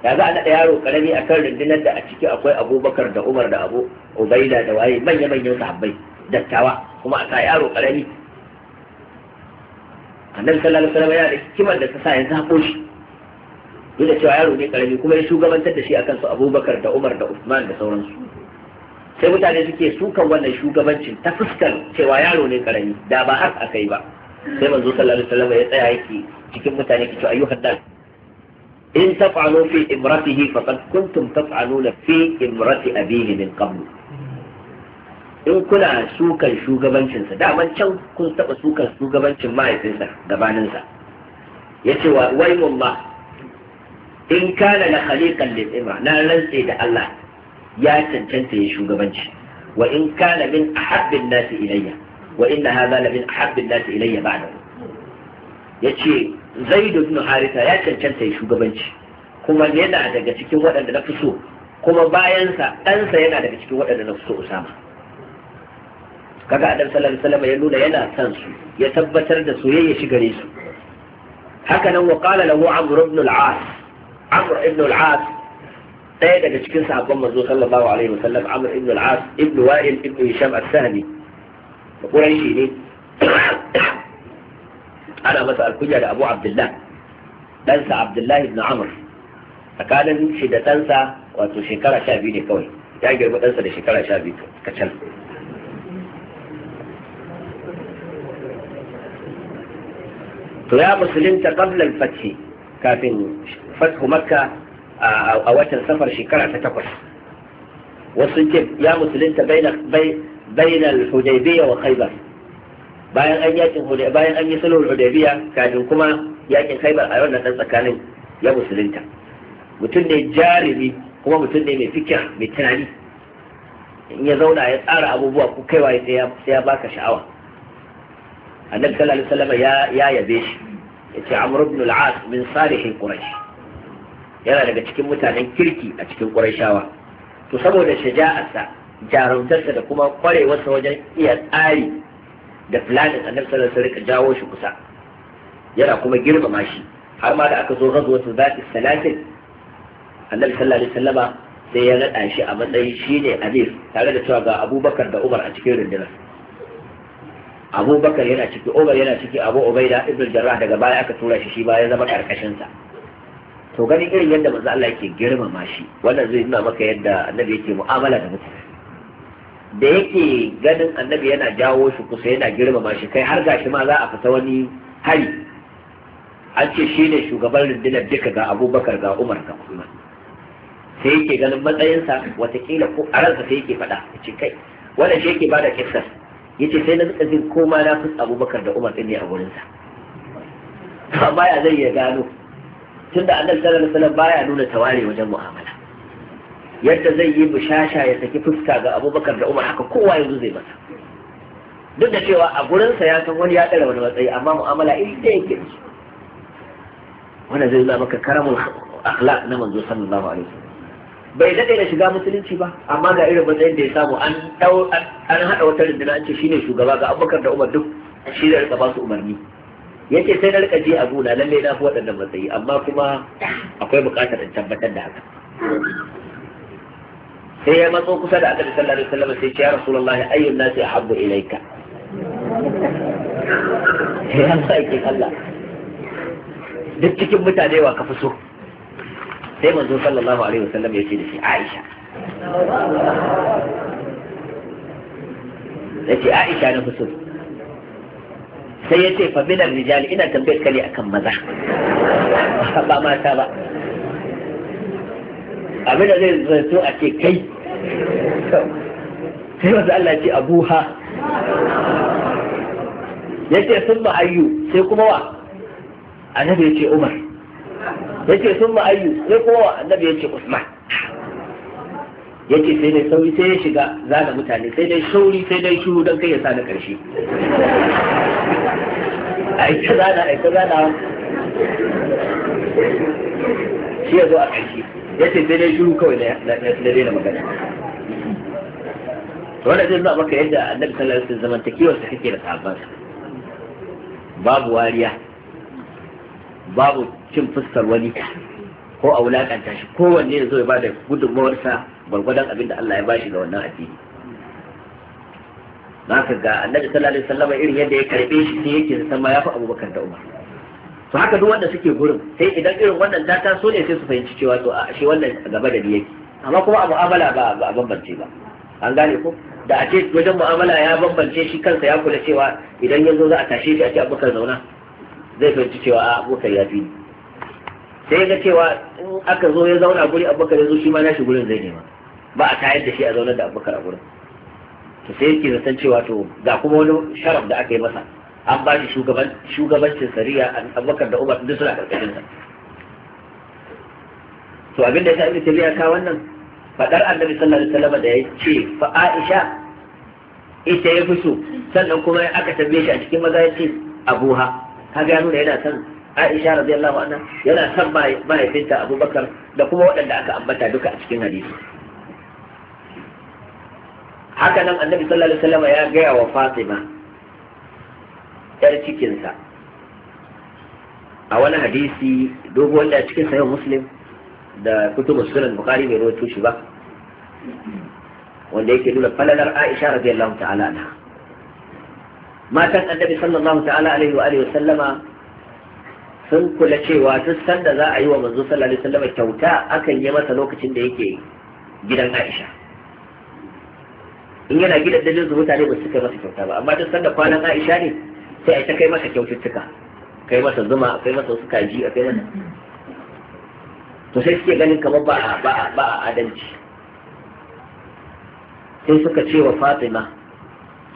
ya za a naɗa yaro karami a kan rundunar da a ciki akwai abubakar da umar da abu ubaida da waye manya-manyan sahabbai dattawa kuma a sa yaro karami annabi sallallahu alaihi wasallam yana da hikimar da ta sa ya haƙoshi. shi duk da cewa yaro ne karami kuma ya shugabantar da shi akan su abubakar da umar da usman da sauransu sai mutane suke sukan wannan shugabancin ta fuskar cewa yaro ne karami da ba har akai ba sai manzo sallallahu alaihi wasallam ya tsaya yake cikin mutane ke cewa ayyuhan nas in taf'alu fi imratihi faqad kuntum taf'aluna fi imrati abihi min qabl in kuna sukan shugabancinsa daman can kun taɓa sukan shugabancin mahaifinsa gabaninsa ya ce wa waimullah in kana na khaliqan lil imra na rantse da Allah ya cancanta ya shugabanci wa in kana min ahabbin nasi ilayya wa inna hadha la min ahabbin nasi ilayya ba'da yace zaid ibn haritha ya cancanta ya shugabanci kuma yana daga cikin waɗanda na fi so kuma bayansa ɗansa yana daga cikin waɗanda na fi so usama kaga adam sallallahu alaihi wasallam ya nuna yana son su ya tabbatar da soyayya shi gare su haka nan wa qala lahu amr ibn al-as amr ibn al-as ɗaya daga cikin sahabban manzo sallallahu alaihi wasallam amr ibn al-as ibn wa'il ibn hisham as-sahmi quraishi ne ana masa alkunya da abu abdullah ɗansa abdullahi ibn amr tsakanin shi da ɗansa wato shekara sha biyu ne kawai ya girma ɗansa da shekara sha biyu kacal to ya musulunta qabla fathi kafin fathu makka a watan safar shekara ta takwas wasu ce ya musulunta bayan wa bayan an yi sulhul hudaybiya kafin kuma yakin khaybar a wannan dan tsakanin ya musulunta mutum ne jarumi kuma mutum ne mai fikir mai tunani in ya zauna ya tsara abubuwa ko kaiwa sai ya baka sha'awa annabi sallallahu alaihi wasallam ya ya yabe shi ya amr ibn al-as min salih quraish yana daga cikin mutanen kirki a cikin ƙurashawa to saboda shaja'arsa jarumtarsa da kuma ƙwarewarsa wajen iya tsari da filanin annabi sallallahu alaihi wasallam jawo shi kusa yana kuma girmama shi har ma da aka zo za zati salatin annabi sallallahu alaihi wasallam sai ya naɗa shi a matsayi shi ne tare da cewa ga abubakar da umar a cikin rundunar abubakar yana ciki umar yana ciki abu ubaida ibn jarrah daga baya aka tura shi shi ba zama karkashinsa sa to gani irin yadda manzo Allah yake girmama shi wannan zai nuna maka yadda annabi yake mu'amala da mutane da yake ganin annabi yana jawo shi kusa yana girmama shi kai har gashi ma za a fita wani hari an ce shi ne shugaban rundunar duka ga abubakar ga umar ga usman sai yake ganin matsayinsa watakila ko a ransa sai yake faɗa ce kai wannan shi yake bada ya yace sai na rika jin koma na fi abubakar da umar din ne a wurinsa amma ya zai ya gano tunda annabi sallallahu alaihi wasallam baya nuna taware wajen mu'amala yadda zai yi bushasha ya saki fuska ga abubakar da umar haka kowa yanzu zai masa duk da cewa a gurinsa ya san wani ya dare wani matsayi amma mu'amala in da yake da wannan zai zama maka karamul akhlaq na manzo sallallahu alaihi wasallam bai dade da shiga musulunci ba amma ga irin matsayin da ya samu an an haɗa wata rundunar an ce shine shugaba ga abubakar da umar duk shi da ya ba su umarni yace sai na rika je a gona lalle na fi waɗannan matsayi amma kuma akwai buƙatar in tabbatar da haka sai ya matso kusa da annabi sallallahu alaihi wasallam sai ce ya rasulullah ayyun nasi ahabbu Sai ya saki Allah duk cikin mutane wa ka fi so sai manzo sallallahu alaihi wasallam ya ce da shi Aisha ya ce Aisha na fi so sai ya ce faminar rijali ina tambayar kare akan maza ba mata ba abin da zai zato a ce kai sai wasu Allah ce abuha ya ce sun ma'ayu sai kuma wa annabi ya ce umar ya ce sun ma'ayu sai kuma wa annabi ya ce usman ya ce sai dai sauri sai ya shiga zana mutane sai dai shauri sai dai shuru don kai ya sa na ƙarshe A aika zana aika zana shi ya zo a ƙarshe ya ce sai dai shuru kawai na daina magana to wannan zai nuna maka yadda annabi sallallahu alaihi wasallam zamantakewar sa kake da sahabban babu wariya babu cin fuskar wani ko a wulakanta shi kowanne ya zo ya bada gudunmawarsa gwargwadon abin da Allah ya bashi ga wannan addini zaka ga annabi sallallahu alaihi wasallam irin yadda ya karbe shi sai yake san ma yafi abubakar da umar to haka duk wanda suke gurin sai idan irin wannan ta taso ne sai su fahimci cewa to a shi wannan gaba da ni yake amma kuma a mu'amala ba ba bambance ba an gane ko da a ce wajen mu'amala ya bambance shi kansa ya kula cewa idan ya zo za a tashe shi a ce abubakar zauna zai fahimci cewa a abubakar ya fi sai ga cewa in aka zo ya zauna guri abubakar ya zo shi ma na shi gurin zai nema ba a tayar da shi a zaunar da abubakar a gurin to sai yake zaton cewa to ga kuma wani sharaf da aka yi masa an ba shi shugabancin sariya an abubakar da umar duk suna karkashin sa to abin da ya sa ibnu tabiya ka wannan fadar annabi sallallahu alaihi wasallam da ya ce fa aisha ita ya fi so sannan kuma aka tambaye shi a cikin maza ya ce abuha kaga ya nuna yana son Aisha radiyallahu anha yana son mahaifinta Abubakar da kuma waɗanda aka ambata duka a cikin hadisi haka nan annabi sallallahu alaihi wasallam ya gaya wa fatima yar cikinsa a wani hadisi dogo wanda a cikin sahih muslim da kutubu sunan bukhari bai rawaito shi ba wanda yake nuna falalar aisha radiyallahu ta'ala anha matan annabi sallallahu ta'ala alaihi wa alihi sallama sun kula cewa duk sanda za a yi wa manzo sallallahu alaihi wasallama kyauta akan yi masa lokacin da yake gidan aisha in yana gidan dalilin su mutane ba su kai masa kyauta ba amma duk sanda kwanan Aisha ne sai a kai masa kyaututtuka kai masa zuma kai masa wasu kaji a kai masa to sai suke ganin kamar ba ba ba adalci sai suka ce wa Fatima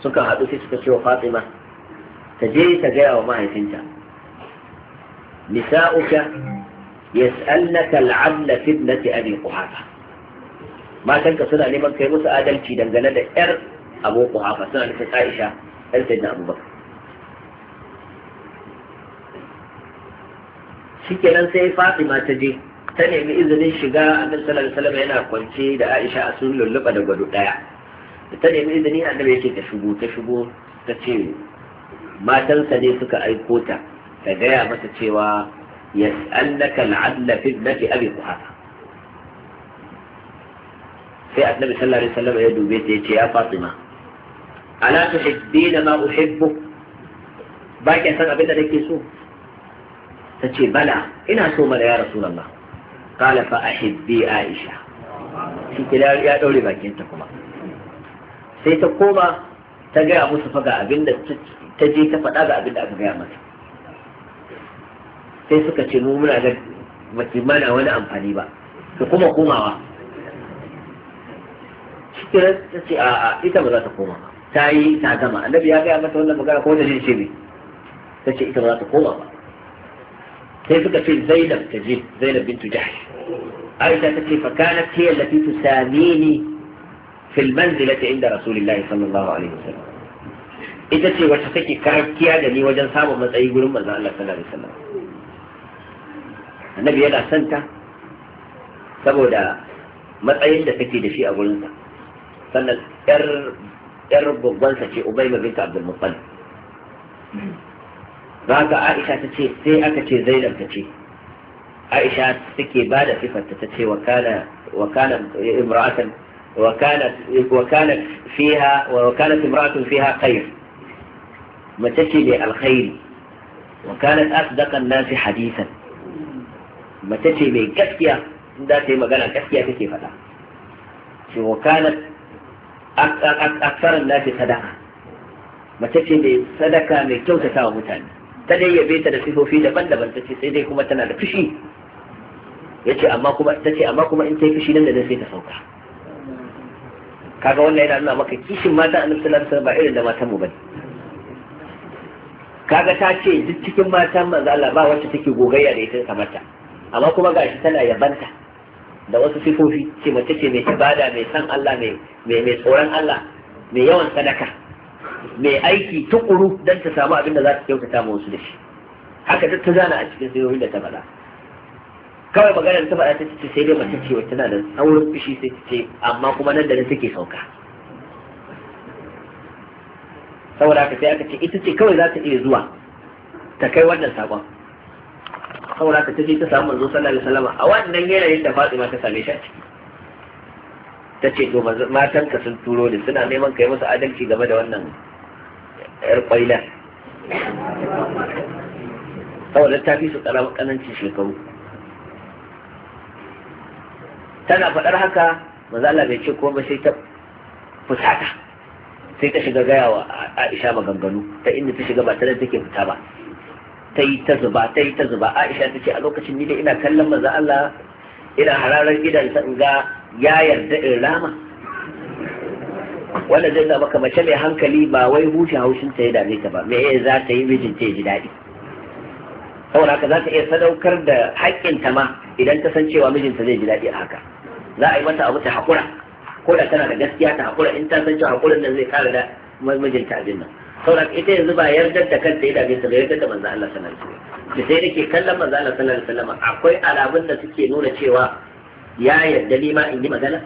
suka haɗu sai suka ce wa Fatima ta je ta gaya wa mahaifinta nisa'uka yas'alnaka al'adla fi ibnati abi quhafa matanka suna neman kai musu adalci dangane da yar abu kuhafa suna nufin aisha yar sayyidina abubakar shikenan sai fatima ta je ta nemi izinin shiga annabi sallallahu alaihi yana kwance da aisha a sun lulluɓa da gado ɗaya ta nemi izinin annabi yake ta shigo ta shigo ta ce matansa ne suka aiko ta ta gaya masa cewa yas'alnaka al'adla fi ibnati abi kuhafa sai annabi sallallahu alaihi wasallam ya dube ta yace ya fatima ala tuhibbina ma uhibbu ba ki san abin da nake so ta ce bala ina so mana ya rasulullah qala fa ahibbi aisha shi kila ya daure bakin ta kuma sai ta koma ta gaya musu faga abin da ta je ta faɗa ga abin da aka gaya mata sai suka ce mu muna ga baki mana wani amfani ba su kuma komawa kiran ta ce a'a ita ba za ta koma ba ta yi ta gama annabi ya gaya mata wannan magana ko da jin ce ne ta ce ita ba za ta koma ba sai suka ce zainab ta je zainab bintu jahsh aisha ta ce fa kanat hiya allati tusamini fi almanzilati inda rasulillahi sallallahu alaihi wasallam ita ce wacce take karkiya da ni wajen samun matsayi gurin manzon Allah sallallahu alaihi wasallam annabi yana santa saboda matsayin da take da shi a gurinsa استنى ارب الظنسة في أبيمة بنت عبد المطلب بعد عائشة تتشي سي أكتشي زينب تتشي عائشة تتكي بعد صفة تتشي وكان وكان امرأة وكانت وكانت فيها وكانت امرأة فيها خير متكي للخير وكانت أصدق الناس حديثا متكي بكسكية ذاتي مقالة كسكية تتشي فلا وكانت aksaran lafi sadaka mace ce mai sadaka mai kyautata wa mutane ta dai yabe ta da sifofi daban-daban ta ce sai dai kuma tana da fushi ya ce amma kuma ta ce amma kuma in ta yi fushi nan da sai ta sauka kaga wannan yana nuna maka kishin mata a nufin alaihi ba irin da matan mu bane kaga ta ce duk cikin matan manzo Allah ba wacce take gogayya da ita kamar ta amma kuma gashi tana yabanta da wasu sifofi ce mace ce mai ibada mai san Allah mai tsoron Allah mai yawan sadaka mai aiki tukuru don ta samu abin da za ta kyautata ma wasu da shi haka duk ta zana a cikin sayoyin da ta faɗa kawai magana ta faɗa ta ce sai dai mace ce wacce tana da saurin fushi sai ta ce amma kuma nan da nan take sauka saboda haka sai aka ce ita ce kawai za ta iya zuwa ta kai wannan sakon saboda ka tafi ta samu manzo sallallahu alaihi wasallam a wannan yanayin da Fatima ta same shi ta ce to matanka sun turo ni suna neman kai musu adalci game da wannan yar kwailan saboda ta fi su karancin shekaru tana faɗar haka manzo Allah bai ce ko ba sai ta fusata sai ta shiga gaya wa Aisha maganganu ta inda ta shiga ba ta da take fita ba ta yi ta zuba ta yi ta zuba aisha ta ce a lokacin ni da ina kallon maza Allah ina hararar gidansa in ga ya yarda in rama wanda zai zama ka mace mai hankali ba wai huce haushin ta ya dame ta ba me za ta yi mijin ta ji daɗi saboda haka za ta iya sadaukar da ta ma idan ta san cewa mijinta zai ji daɗi a haka za a yi mata abu ta haƙura ko da tana da gaskiya ta haƙura in ta san cewa haƙurin nan zai ƙara da mijinta abin nan saurak ita yanzu ba yardar da kanta ya dame ta yardar da manzo Allah sallallahu alaihi wasallam da sai nake kallon manzo Allah sallallahu alaihi wasallam akwai alamun da suke nuna cewa ya yarda ni ma in yi magana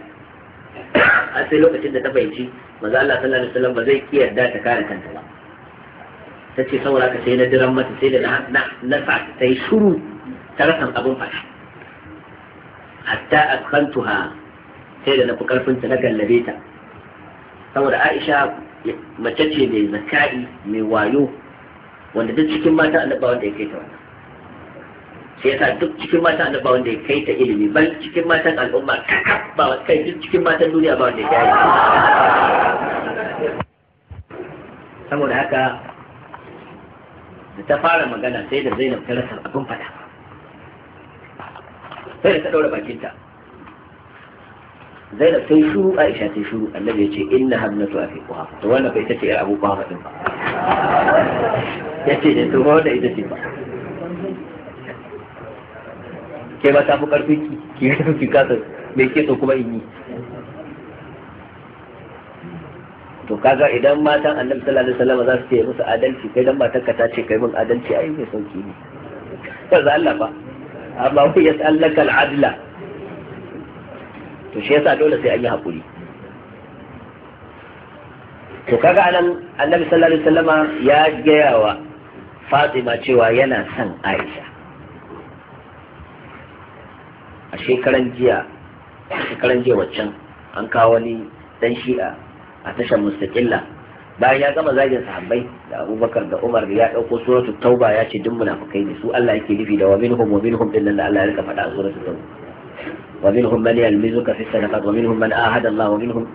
a sai lokacin da ta fahimci manzo Allah sallallahu alaihi wasallam ba zai ki yarda ta kare kanta ba ta ce saurak ka sai na diran mata sai da na na sa ta yi shuru ta rasa abin fashi hatta akhantuha sai da na fi karfin ta na gallabe ta saboda Aisha mace ce mai zaka'i mai wayo wanda duk cikin mata annaba wanda ya kai ta wannan sai yasa duk cikin mata annaba wanda ya kai ta ilimi ban cikin matan al'umma kakaf ba kai duk cikin matan duniya ba wanda ya kai saboda haka da ta fara magana sai da zainab ta rasa abin fada sai da ta ɗaura bakinta zainab sai shuru aisha sai shuru annabi ya ce inna hamnatu afi kuha to wannan bai tace abu kuha din ba yace ne to ba wanda ita ce ba ke ba ta fi karfi ki ki ki kasa me ke so kuma in yi to kaga idan matan annabi sallallahu alaihi wasallam za su ce musu adalci kai dan matar ka ta ce kai min adalci ai mai sauki ne kaza Allah ba amma wai yas'alaka al-adla to shi yasa dole sai an yi hakuri, to kaga anan annabi sallallahu alaihi wasallama ya gaya wa fatima cewa yana son aisha a shekaran jiya a shekaran jiya waccan an kawo wani dan shi'a a tashar mustaqilla bayan ya gama zagin sahabbai da abubakar da umar da ya ɗauko suratul tauba ya ce duk munafukai ne su Allah yake nufi da wa minhum wa minhum din nan da Allah ya rika faɗa a suratul tauba ومنهم من يلمزك في الصدقات ومنهم من آهد الله ومنهم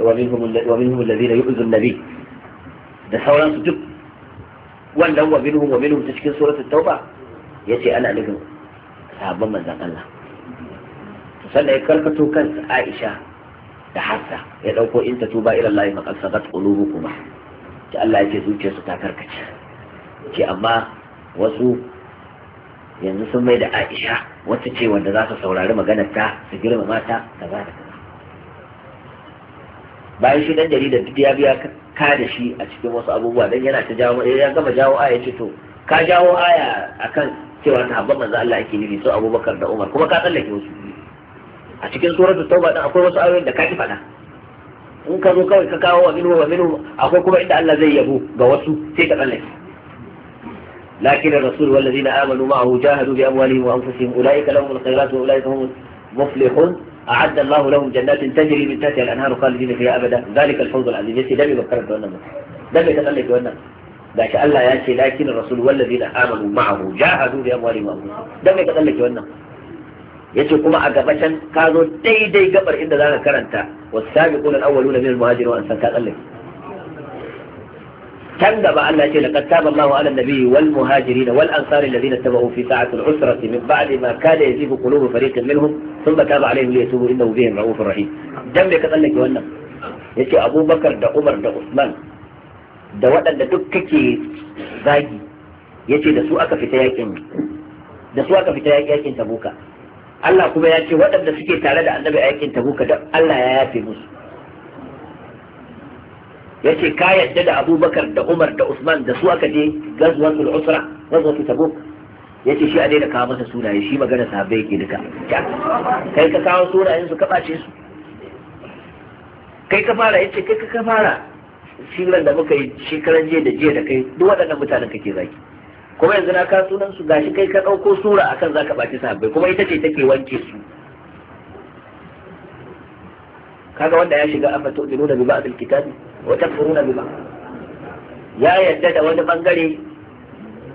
ومنهم ومنهم الذين يؤذوا النبي da sauransu duk wannan wa minhum wa minhum ta cikin suratul tauba yace ana nufin sahabban manzon Allah sannan ya karkato kansa Aisha da Hafsa ya dauko in ta tuba ila Allah ma qasadat qulubukuma ta Allah yace zuciyarsu ta karkace ce amma wasu yanzu sun mai da aisha wata ce wanda za su saurari maganarta ta su girmama ta da ba da bayan shi dan jarida duk ya biya ka da shi a cikin wasu abubuwa dan yana ta jawo ya gama jawo aya ce to ka jawo aya akan cewa ta sahabban manzo Allah yake nufi so Abubakar da Umar kuma ka tsallake wasu a cikin suratul tauba dan akwai wasu ayoyin da ka ji faɗa in ka zo kawai ka kawo wa minhu wa minhu akwai kuma inda Allah zai yabo ga wasu sai ka tsallake لكن الرسول والذين آمنوا معه جاهدوا بأموالهم وأنفسهم أولئك لهم الخيرات وأولئك هم المفلحون أعد الله لهم جنات تجري من تحتها الأنهار خالدين فيها أبدا ذلك الفوز العظيم يسي دمي بكرة وأنما دمي تقلق وأنما لكن الله سيدي لكن الرسول والذين آمنوا معه جاهدوا بأموالهم وأنفسهم دمي تقلق وأنما yace kuma a gaba can ka zo daidai gabar inda الأولون من karanta wasu sabiquna min wa ansar ka tsallake can gaba Allah ce laqad taba Allahu ala nabiyyi wal muhajirin wal ansari alladhina tabahu fi sa'ati al usrati min ba'di ma kada yazigu qulubu fariqin minhum thumma taba alaihim liyatubu innahu bihim ra'ufur rahim dan me ka tsallake wannan yace Abubakar da Umar da Usman da waɗanda duk kake zagi da su aka fita yakin da kuma ya ce waɗanda suke tare da annabi a yakin Tabuka duk Allah ya yafe musu yace ka yadda da abubakar da umar da usman da su aka je gazwatul usra gazwatul tabuk yace shi a daina kawo masa sunaye shi magana sahabbai yake duka kai ka kawo sunayen su ka bace su kai ka fara yace kai ka fara shirin da muka yi shekaran jiya da jiya da kai duk waɗannan mutanen kake zaki kuma yanzu na ka sunan su gashi kai ka ɗauko sura akan zaka bace sahabbai kuma ita ce take wanke su kaga wanda ya shiga amma to da bi ba'd al-kitabi wa takfuruna bi ba'd ya yarda da wani bangare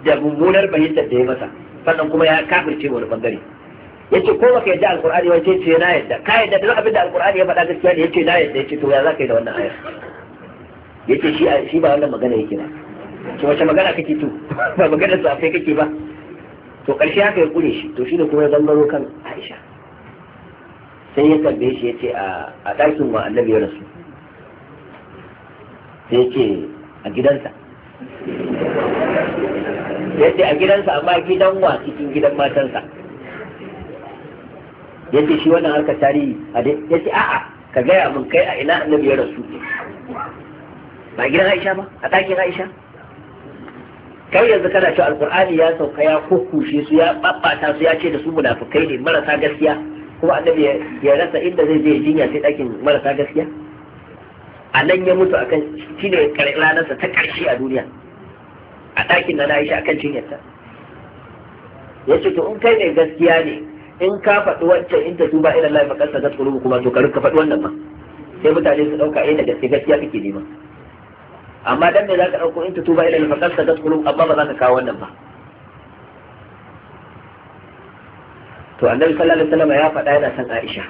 da mummunar fahimtar da ya masa sannan kuma ya kafirce wani bangare Ya ce ko baka yadda alqur'ani wace ce na yadda. ka yarda duk abin da alqur'ani ya faɗa gaskiya ne ya ce na yadda ya ce to ya ka yi da wannan ayar yace shi shi ba wannan magana yake ba to wace magana kake to ba magana sa kai kake ba to ƙarshe haka ya kure shi to shi ne kuma ya zangaro kan Aisha sai ya tambaye shi ya ce a ɗakin wa annabi ya rasu sai ce a gidansa ya ce a gidansa amma gidan wa cikin gidan matansa ya ce shi wannan harkar tarihi ya ce a'a ka gaya mun kai a ina annabi ya rasu ba gidan aisha ba a ɗakin aisha kai yanzu kana cewa alkur'ani ya sauka ya kukushe su ya babbata su ya ce da su munafukai ne marasa gaskiya kuma annabi ya rasa inda zai je jinya sai ɗakin marasa gaskiya a nan ya mutu akan shi ne ranarsa ta ƙarshe a duniya a ɗakin na Aisha akan cinyarta ya ce to in kai ne gaskiya ne in ka faɗi wancan in ta tuba ila Allah makasa ga tsoro kuma to ka faɗi wannan ma sai mutane su ɗauka ina eh, da gaske gaskiya kake nema amma dan me zaka ɗauko in ta tuba ila Allah makasa ga tsoro amma ba za ka kawo wannan ba to annabi sallallahu alaihi wasallam ya faɗa yana san Aisha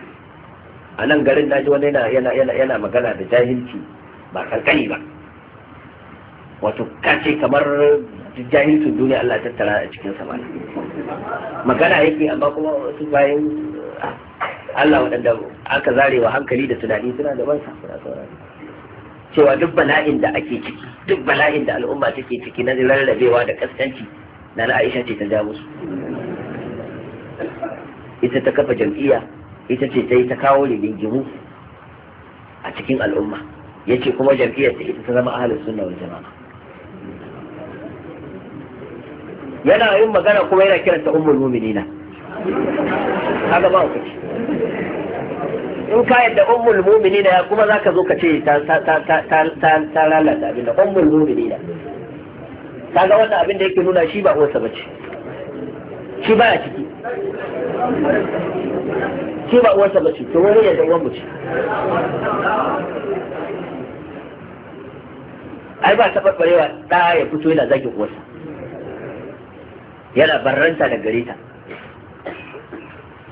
a nan garin naji wani yana yana yana magana da jahilci ba kankani ba wato kace kamar jahilcin duniya Allah tattara a cikin sama magana yake amma kuma wasu bayan Allah waɗanda aka zare wa hankali da tunani suna da ban suna saurari cewa duk bala'in da ake ciki duk bala'in da al'umma take ciki na rarrabewa da kaskanci na Aisha ce ta ja musu ita ta kafa jam'iyya ita ce ta yi ta kawo rigingimu a cikin al'umma ya ce kuma jam'iyyar ta ita ta zama ahalin suna wal jama'a yana yin magana kuma yana kiranta ummul mu'minina kaga ba ku in ka yadda ummul mu'minina kuma zaka zo ka ce ta ta lalata abinda umar mu'minina kaga wannan abin da yake nuna shi ba uwarsa bace shi baya ciki ke ba uwarsa ba ce to wani ya zama mu ce ai ba ta barbarewa ɗa ya fito yana zagin uwarsa yana barranta da gare ta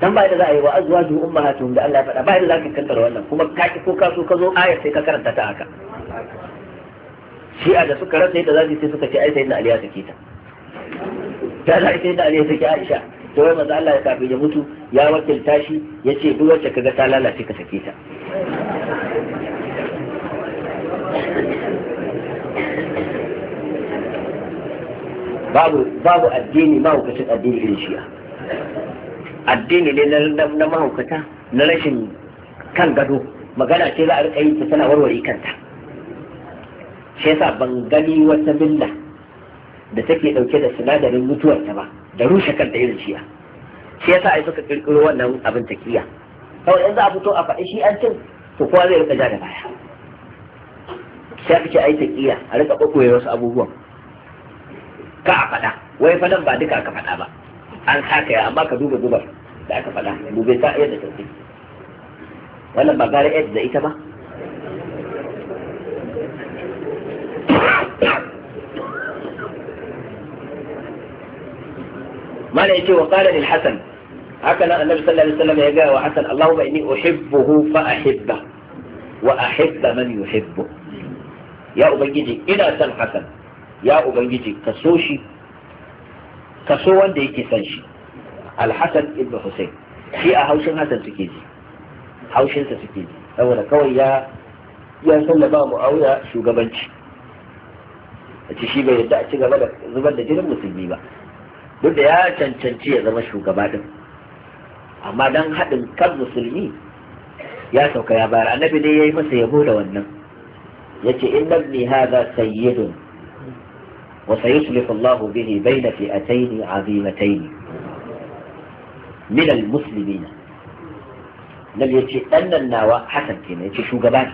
dan ba da za a yi wa azuwa azwaju ummahatuhum da Allah ya faɗa ba da za ka kankara wannan kuma ka ki ko ka so ka zo ayar sai ka karanta ta haka shi'a da suka rasa yadda za su sai suka ce ai yadda Ali ya sake ta ta za a da Ali ya sake Aisha sai wai maza Allah ya kafin ya mutu ya wakilta shi ya ce duk wacce kaga ta lalace ka sake ta babu babu addini mahaukacin addini irin shi addini ne na mahaukata na rashin kan gado magana ce za a rika ta tana warware kanta shi yasa ban gani wata billa da take dauke da sinadarin mutuwar ta ba da rushe kanta irin shiya shi yasa ai suka kirkiro wannan abin takiya kawai yanzu a fito a faɗi shi an cin to kowa zai rika ja da baya sai a ce ai takiya a rika kokoye wasu abubuwan ka a faɗa wai fadan ba duka aka faɗa ba an saka ya amma ka duba gubar da aka faɗa dube ta iya da tafi wannan ba gare da ita ba mana yace wa qala lil hasan haka nan annabi sallallahu alaihi wasallam ya ga wa hasan allahumma inni uhibbuhu fa ahibba wa ahibba man yuhibbu ya ubangiji ina son hasan ya ubangiji ka so shi ka so wanda yake son shi al-hasan ibn husayn shi a haushin hasan suke ji haushinsa suke ji saboda kawai ya ya sallama mu'awiya shugabanci a ci shi bai yadda a ci gaba da zubar da jinin musulmi ba duk da ya cancanci ya zama shugaba din amma dan haɗin kan musulmi ya sauka ya bayar annabi ne ya yi masa yabo da wannan ya ce inna ibni hadha sayyidun wa sayuslihu Allah bihi bayna fi'atayn azimatayn min al-muslimin nabi ya ce dan nan nawa hasan kenan ya ce shugaba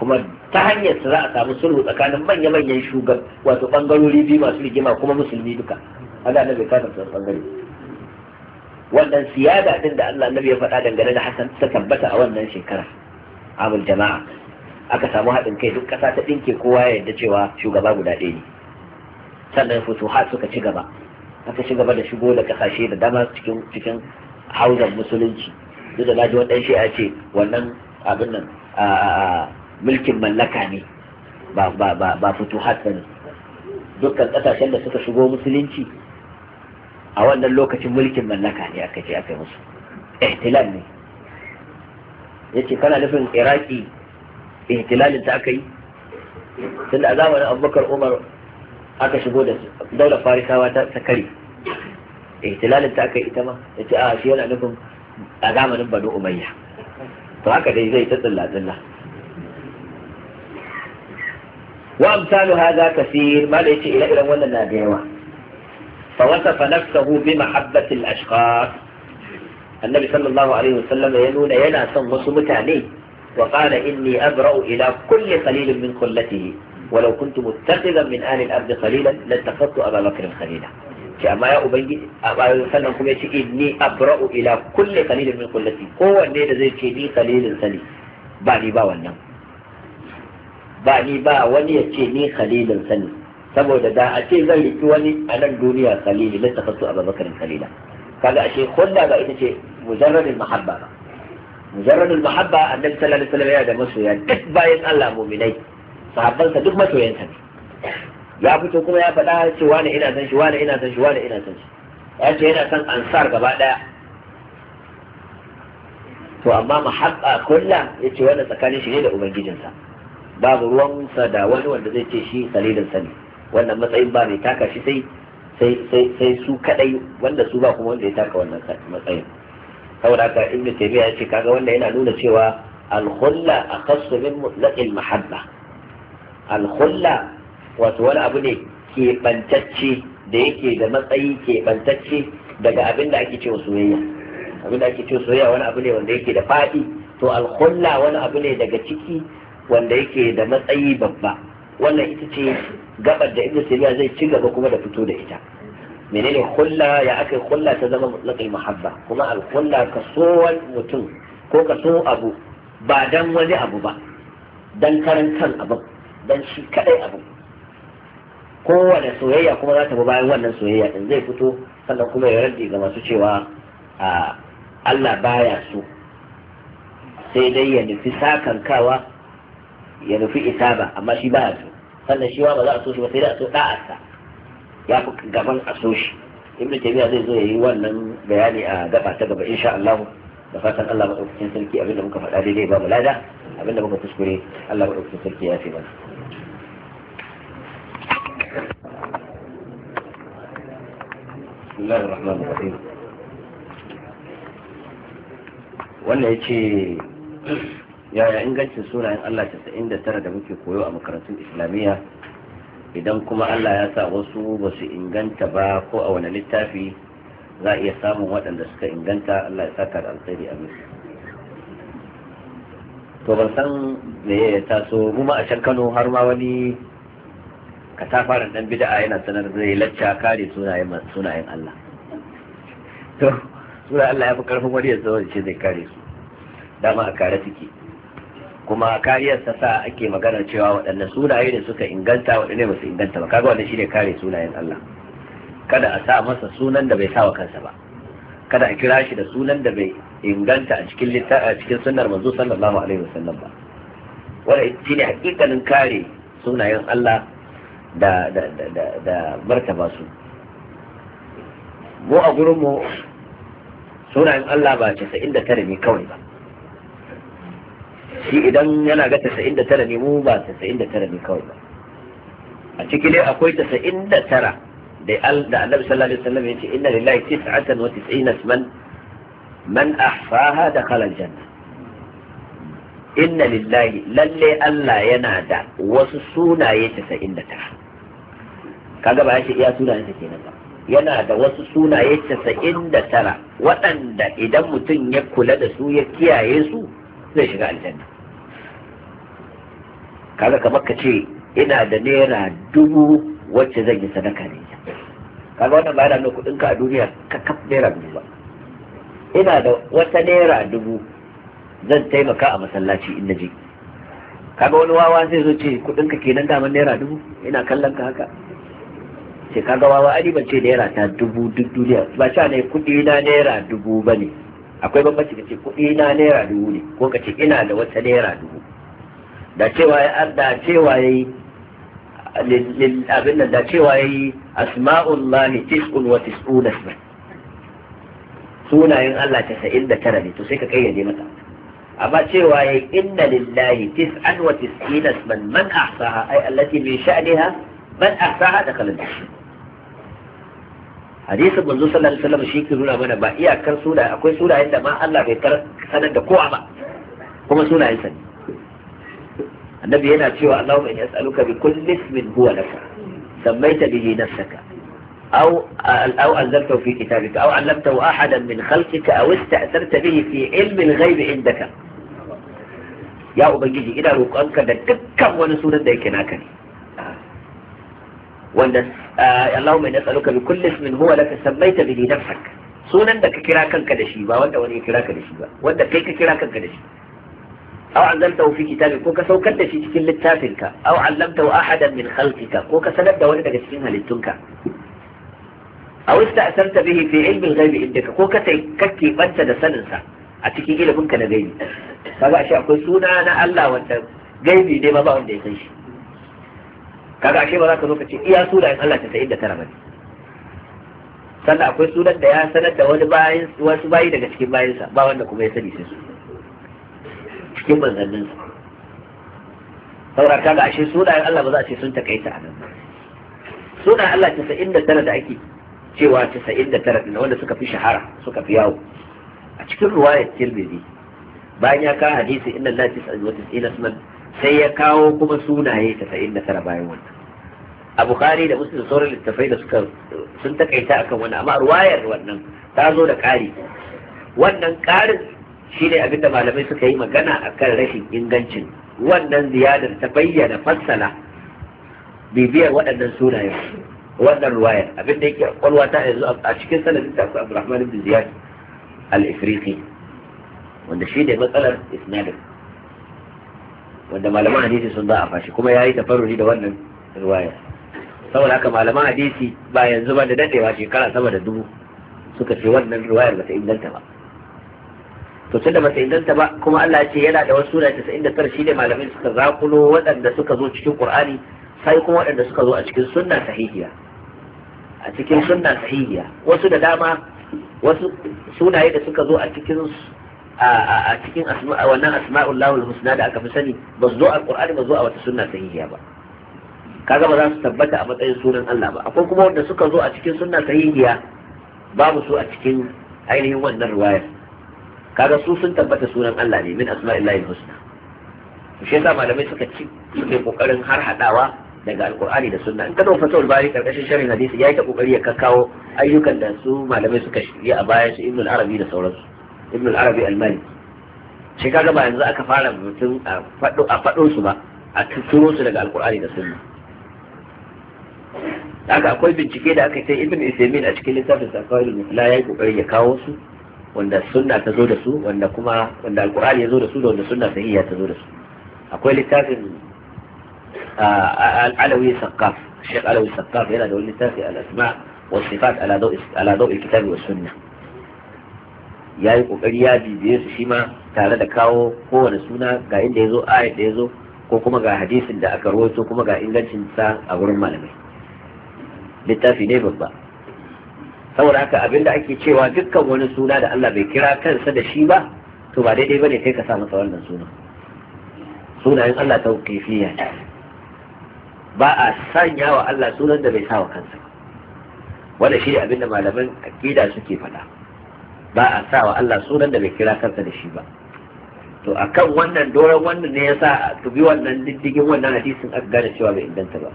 kuma ta hanyar ta za a samu sulhu tsakanin manya-manyan shugab wato bangarori biyu masu rigima kuma musulmi duka Allah bai ya kasance bangare wannan siyada din da Allah na ya faɗa dangane da Hassan ta tabbata a wannan shekara abul jama'a aka samu haɗin kai duk ƙasa ta ɗinke kowa ya yarda cewa shugaba guda ɗaya ne sannan har suka ci gaba aka ci gaba da shigo da ƙasashe da dama cikin cikin hauzan musulunci duk da na ji wani ɗan shi'a ce wannan abin nan mulkin mallaka ne ba ba ba ba futuhat bane dukkan kasashen da suka shigo musulunci a wannan lokacin mulkin mallaka ne aka ce aka yi musu ihtilal ne yace kana nufin iraki ihtilalin ta aka yi tunda a zamanin abubakar umar aka shigo da daular farisawa ta sakari ihtilalin ta aka yi ita ma yace a ah, shi yana nufin a zamanin banu umayya to haka dai zai ta tsilla tsilla وأمثال هذا كثير ما ليس إلى إلى ولا ناديوة فوصف نفسه بمحبة الأشخاص النبي صلى الله عليه وسلم ينون ينا سمس متاني وقال إني أبرأ إلى كل قليل من قلته ولو كنت متخذا من أهل الأرض قليلا لاتخذت أبا بكر خليلا كما يا أبي sannan سلم كم ce اني ابرأ الى كل قليل من qullati هو da zai ce قليل qalilin sani ba ba ni ba wani ya ce ni khalilin sani saboda da a ce zan riki wani a nan duniya khalili na tafasu a babakarin khalila kaga ashe hulda ba ita ce mujarradin mahabba ba mujarradin mahabba annabi sallallahu alaihi wasallam ya da masoya duk bayan Allah mu'minai sahabbansa duk masoyansa ne ya fito kuma ya faɗa ce wani ina san shi wani ina san shi wani ina san shi ya ce yana san ansar gaba daya to amma mahabba ya yace wannan tsakanin shi ne da ubangijinsa babu ruwansa da wani wanda zai ce shi salilin sani wannan matsayin ba mai taka shi sai sai sai su kadai wanda su ba kuma wanda ya taka wannan matsayin saboda haka ibnu taymiya ya ce kaga wanda yana nuna cewa al-khulla akhassu min mutlaqil mahabba al-khulla wato wani abu ne keɓantacce da yake da matsayi keɓantacce daga abin da ake cewa soyayya abin da ake cewa soyayya wani abu ne wanda yake da faɗi to al-khulla wani abu ne daga ciki wanda yake da matsayi babba wannan ita ce gabar da ibnu taymiya zai ci gaba kuma da fito da ita menene hulla ya aka hulla ta zama mutlaqil muhabba kuma al hulla kaso mutum ko kaso abu ba dan wani abu ba dan karan kan abu dan shi kadai abu kowane soyayya kuma za ta bi bayan wannan soyayya din zai fito sannan kuma ya raddi ga masu cewa Allah baya so sai dai ya nufi sakankawa ya nufi itaba amma shi ba so sannan shi ba za a so shi ba sai da a so da'arsa ya fi gaban a so shi ibn taymiya zai zo yayi wannan bayani a gaba ta gaba insha Allah da fatan Allah madaukakin sarki abinda muka faɗa daidai ba mu lada abinda muka kuskure Allah madaukakin sarki ya fi mana wannan ya ce yaya ingancin sunayen Allah tara da muke koyo a makarantun islamiyya idan kuma Allah ya sa wasu ba su inganta ba ko a wani littafi za a iya samun waɗanda suka inganta Allah ya saka da alkhairi a musu to ban san me ya taso mu ma a can Kano har ma wani katafaren dan bid'a yana sanar zai lacca kare sunayen sunayen Allah to sura Allah ya fi karfin wani ya zo ce zai kare su dama a kare take kuma kariyar ta sa ake magana cewa waɗanne sunaye ne suka inganta waɗanne ba su inganta ba kaga wannan shine kare sunayen Allah kada a sa masa sunan da bai sawa kansa ba kada a kira shi da sunan da bai inganta a cikin littafi a cikin sunnar manzo sallallahu alaihi wasallam ba wala shine hakikanin kare sunayen Allah da da da da martaba su mu a gurin mu sunayen Allah ba 99 ne kawai ba shi idan yana ga tasa'in da tara ne mu ba tasa'in da tara ne kawai ba a ciki dai akwai tasa'in da tara da annabi sallallahu alaihi wasallam ya ce inna lillahi 99 man man ahsaha dakhala aljanna inna lillahi lalle Allah yana da wasu sunaye 99 da tara kaga ba shi iya sunaye take kenan ba yana da wasu sunaye 99 da tara waɗanda idan mutum ya kula da su ya kiyaye su zai shiga aljanna kaga kamar ka ce ina da naira dubu wacce zan yi sadaka ne kaga wannan ba da nuna kuɗin ka a duniya ka kaf naira dubu ba ina da wata naira dubu zan taimaka a masallaci in je kaga wani wawa zai zo ce kudin ka kenan daman naira dubu ina kallon ka haka sai kaga wawa ali ban ce naira ta dubu duk duniya ba sha ne kudi na naira dubu ba ne akwai bambanci ka ce kuɗi na naira dubu ne ko ka ce ina da wata naira dubu da cewa ya da cewa ya yi abin nan da cewa ya yi asma'ullahi tis'un wa tis'un asma sunayen Allah tasa'in da tara ne to sai ka kayyade mata amma cewa ya yi inna lillahi tis'an wa tis'in asman man ahsaha ay allati min sha'niha man ahsaha da kalan hadisin manzo sallallahu alaihi wasallam shi ke nuna mana ba iyakar suna akwai sunayen da ma Allah bai kar sanar da kowa ba kuma sunayen sa annabi yana cewa Allahumma inni as'aluka bi kulli ismin huwa laka sammaita bihi nafsaka أو أو أنزلته في كتابك أو علمته أحدا من خلقك أو استأثرت به في علم الغيب عندك يا أبنجي إلى روقانك دكا ونسونا ديكناك wanda eh, Allahumma inna nas'aluka bi kulli ismin huwa laka sammaita bi nafsak sunan da ka kira kanka da shi ba wanda wani ya kira ka da shi ba wanda kai ka kira kanka da shi aw anzaltahu fi kitabik ko ka saukar da shi cikin littafinka aw allamtahu ahadan min khalqika ko ka sanar da wani daga cikin halittunka aw ista'sarta bihi fi ilmi al-ghaib indaka ko ka kai kake banta da sanin sa a cikin ilimin ka na gaibi kaga ashe akwai suna na Allah wanda gaibi ne ba ba wanda ya san shi kaga ashe ba za ka zo ka ce iya sunayen Allah ta da tara bane sannan akwai sunan da ya sanar da wani bayan wasu bayi daga cikin bayinsa, ba wanda kuma ya sani sai su cikin manzannin sa saura kaga ashe sunayen Allah ba za a ce sun takaita a nan ba sunayen Allah tasa'in da tara da ake cewa tasa'in da tara da wanda suka fi shahara suka fi yawo a cikin ruwayar Tirmidhi bayan ya kawo hadisi inna Allah tis'al wa tis'ina sunan sai ya kawo kuma sunaye ta tara bayan wannan a bukari da musulun sauran littafai da suka sun takaita akan wannan amma ruwayar wannan ta zo da ƙari wannan ƙarin shi ne abin da malamai suka yi magana a kan rashin ingancin wannan ziyadar ta bayyana fassala bibiyar waɗannan sunayen wannan ruwayar abin da yake kwalwa ta yanzu a cikin sanadin ta rahman ibn Ziyad al-Ifriqi wanda shi ne matsalar isnadin wanda malaman hadisi sun za a fashi kuma ya yi tafaruri da wannan riwaya saboda haka malaman hadisi ba yanzu ba da dadewa shekara sama da dubu suka ce wannan riwayar ba ta inganta ba to tunda ba ta inganta ba kuma Allah ya ce yana da wasu sura 99 shine malamai suka zakulo waɗanda suka zo cikin Qur'ani sai kuma waɗanda suka zo a cikin sunna sahihiya a cikin sunna sahihiya wasu da dama wasu sunaye da suka zo a cikin a cikin asma wannan asma'ullahi husna da aka fi sani ba zo a qur'ani ba zo a wata sunna sahihiya ba kaga ba za su tabbata a matsayin sunan Allah ba akwai kuma wanda suka zo a cikin sunna sahihiya babu su a cikin ainihin wannan riwayar kaga su sun tabbata sunan Allah ne min asma'illahi husna shi yasa malamai suka ci suke kokarin har hadawa daga Alqur'ani da sunna in ka dauka fatul bari karkashin sharhin hadisi yayi ta kokari ya kakkawo ayyukan da su malamai suka yi a baya su ibnu arabi da sauransu ibn al-arabi al-maliki shi kaga ba yanzu aka fara mutum a fado a fado su ba a tuturo su daga alqur'ani da sunna haka akwai bincike da aka yi ibn isaimin a cikin littafin sa kawai mutla yayi kokari ya kawo su wanda sunna ta zo da su wanda kuma wanda alqur'ani ya zo da su da wanda sunna sahiha ta zo da su akwai littafin alawi saqaf shaykh alawi saqaf yana da wani littafi al-asma' والصفات على ضوء على ضوء الكتاب والسنه ya yi kokari ya bibiye su shi ma tare da kawo kowane suna ga inda ya zo ayat da ya zo ko kuma ga hadisin da aka rawaito kuma ga ingancin sa a wurin malamai littafi ne babba saboda haka abinda ake cewa dukkan wani suna da Allah bai kira kansa da shi ba to ba daidai bane kai ka sa masa wannan suna sunayen Allah tauqifiyya ba a sanya wa Allah sunan da bai sa wa kansa wanda shi abinda malaman akida suke faɗa ba a sa wa Allah sunan da bai kira kansa da shi ba to akan wannan doron wannan ne yasa to bi wannan diddigin wannan hadisin aka gane cewa bai inganta ba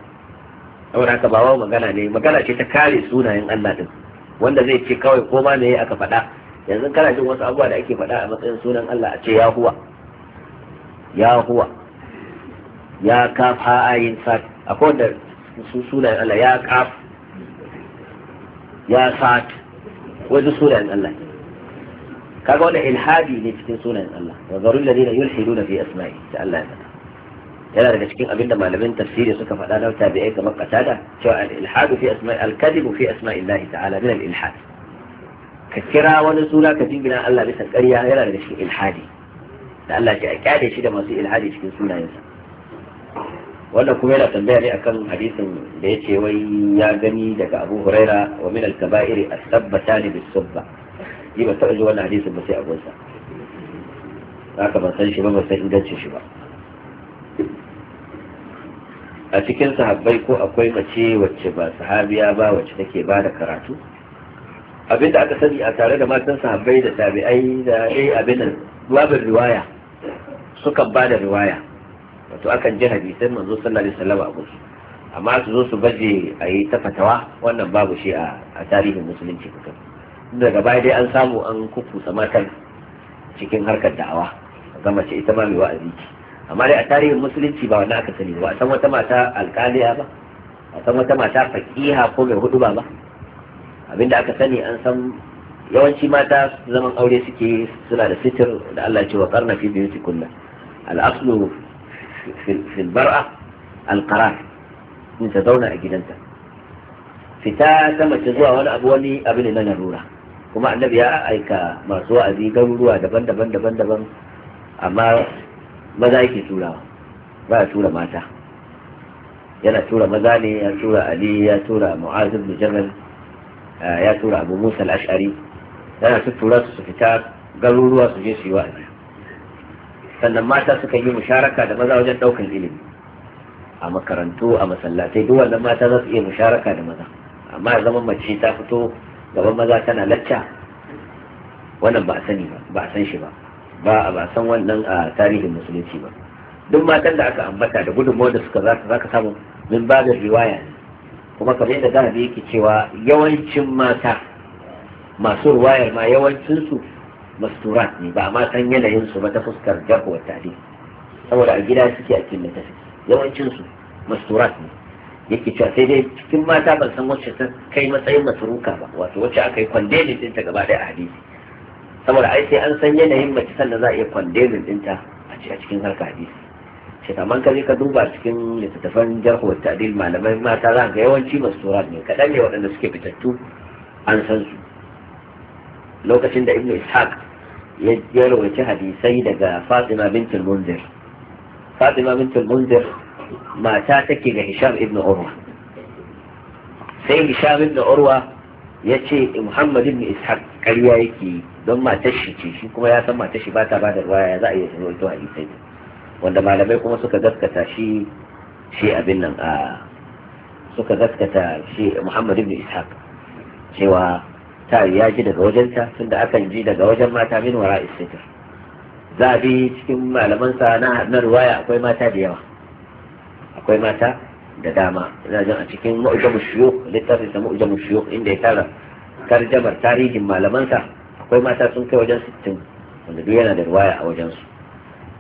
saboda haka ba wawa magana ne magana ce ta kare sunayen Allah din wanda zai ce kawai ko ma me aka faɗa yanzu kana jin wasu abubuwa da ake faɗa a matsayin sunan Allah a ce ya huwa ya huwa ya kaf ha ayin sa akwai wanda su sunayen Allah ya kaf ya sat wasu sunayen Allah kaga wannan ilhadi ne cikin sunayen Allah wa zarul ladina yulhiduna fi asma'i ta Allah ya faɗa yana daga cikin abin da malamin tafsiri suka faɗa na tabi'ai kamar qatada cewa al-ilhadu fi asma'i al-kadhibu fi asma'illahi ta'ala min al-ilhad ka kira wani suna ka jingina Allah bisa ƙarya yana daga cikin ilhadi da Allah ya kyale shi da masu ilhadi cikin sunayensa wannan kuma yana tambaya ne akan hadisin da yace wai ya gani daga Abu Huraira wa min al-kaba'iri as-sabbatani bis-subba Yi ba taɓa ji wannan hadisin ba sai a gonsa. haka ka san shi ba ba san ingancin shi ba a cikin sahabbai ko akwai mace wacce ba sahabiya ba wacce take ba da karatu abinda aka sani a tare da matan sahabbai da tabi'ai da dai abin nan babin riwaya sukan ba da riwaya wato akan ji hadisai manzo sallallahu alaihi wasallam a gusu amma su zo su baje a yi ta fatawa wannan babu shi a tarihin musulunci kuka daga baya dai an samu an kukusa matan cikin harkar da'awa ga mace ita ma mai wa'azi ce amma dai a tarihin musulunci ba wannan aka sani ba a san wata mata alƙaliya ba a san wata mata faqiha ko mai hudu ba ba abinda aka sani an san yawanci mata zaman aure suke suna da sitir da Allah ce wa karna fi biyu kunna al'aslu aslu fil bar'a al in ta zauna a gidanta fita ta mace zuwa wani abu wani abu ne na larura kuma annabi ya aika masu wa'azi garuruwa daban-daban daban-daban amma maza yake turawa ba a tura mata yana tura maza ne ya tura ali ya tura mu'az ibn jabal ya tura abu musa al-ash'ari yana su tura su fita garuruwa su je su yi wa'azi sannan mata suka yi musharaka da maza wajen daukan ilimi a makarantu a masallatai duk wannan mata za su iya musharaka da maza amma zaman mace ta fito gaban maza tana lacca wannan ba a sani ba ba a san shi ba ba a ba san wannan a tarihin musulunci ba duk matan da aka ambata da gudunmawar da suka za ka samu min ba da riwaya ne kuma kamar yadda zahabi yake cewa yawancin mata masu ruwayar ma yawancinsu masturat ne ba ma san yanayin su ba ta fuskar jarhuwar tarihi saboda a gida suke a yawancin yawancinsu masturat ne yake cewa sai dai cikin mata ban san wacce ta kai matsayin masuruka ba wato wacce aka yi kwandelin dinta gaba da a hadisi saboda ai sai an san yanayin mace sannan za a iya kwandelin ɗinta a cikin harka hadisi ce kamar ka je ka duba cikin littattafan jarhu ta'dil malamai mata za ka yawanci masturat ne kaɗan ne waɗanda suke fitattu an san su lokacin da ibnu ishaq ya rawaci hadisai daga fatima bintul munzir fatima bintul munzir mata take ga Hisham ibn Urwa sai Hisham ibn Urwa ya ce eh, Muhammad ibn Ishaq ƙarya yake don matar shi ce shi kuma ya san matar shi ba ta ba da ruwaya za a iya a isa ne wanda malamai kuma suka gaskata shi shi abin nan a suka gaskata shi Muhammad ibn Ishaq cewa ta ya ji daga wajenta tunda akan ji daga wajen mata min wara istitr za a bi cikin malaman sa na ruwaya akwai mata da yawa akwai mata da dama ina jin a cikin mu'jamu shuyukh littafin da mu'jamu shuyukh inda ya tara tarjamar tarihin malamansa akwai mata sun kai wajen 60 wanda duk yana da riwaya a wajen su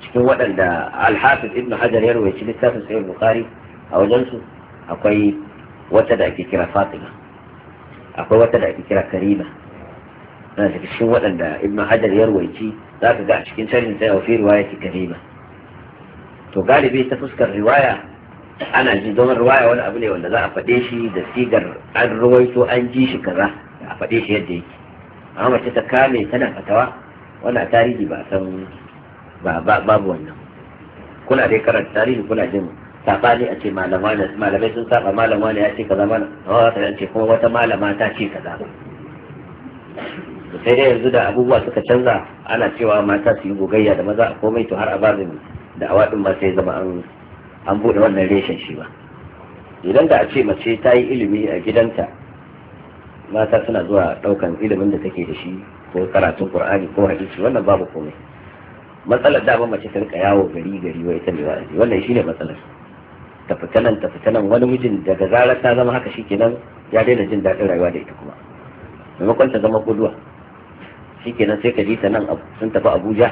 cikin waɗanda al-hafiz ibnu hajar ya rawaita littafin sahih bukhari a wajen su akwai wata da ake kira fatima akwai wata da ake kira karima na daga cikin waɗanda ibn hajar ya ruwaici za ka ga a cikin sharhin sai fi riwaya ki karima to galibi ta fuskar riwaya ana ji zaman ruwaya wani abu ne wanda za a faɗe shi da sigar an ruwaito an ji shi kaza a faɗe shi yadda yake amma mace ta kame tana fatawa wani a tarihi ba san babu wannan kuna dai karanta tarihi kuna jin sabani a ce malamai sun saba malama ne ya ce kaza mana a ce kuma wata malama ta ce kaza sai dai yanzu da abubuwa suka canza ana cewa mata su yi gogayya da maza a komai to har a babin da awadin ma sai zama an an buɗe wannan reshen shi ba idan da a ce mace ta yi ilimi a gidanta mata suna zuwa ɗaukan ilimin da take da shi ko karatun qur'ani ko hadisi wannan babu komai matsalar da ba mace ta rika yawo gari gari wai ta mai wa'azi wannan shine matsalar ta fita nan ta nan wani mijin daga zarar ta zama haka shikenan ya daina jin daɗin rayuwa da ita kuma maimakon ta zama guduwa shikenan sai ka ji ta nan sun tafi abuja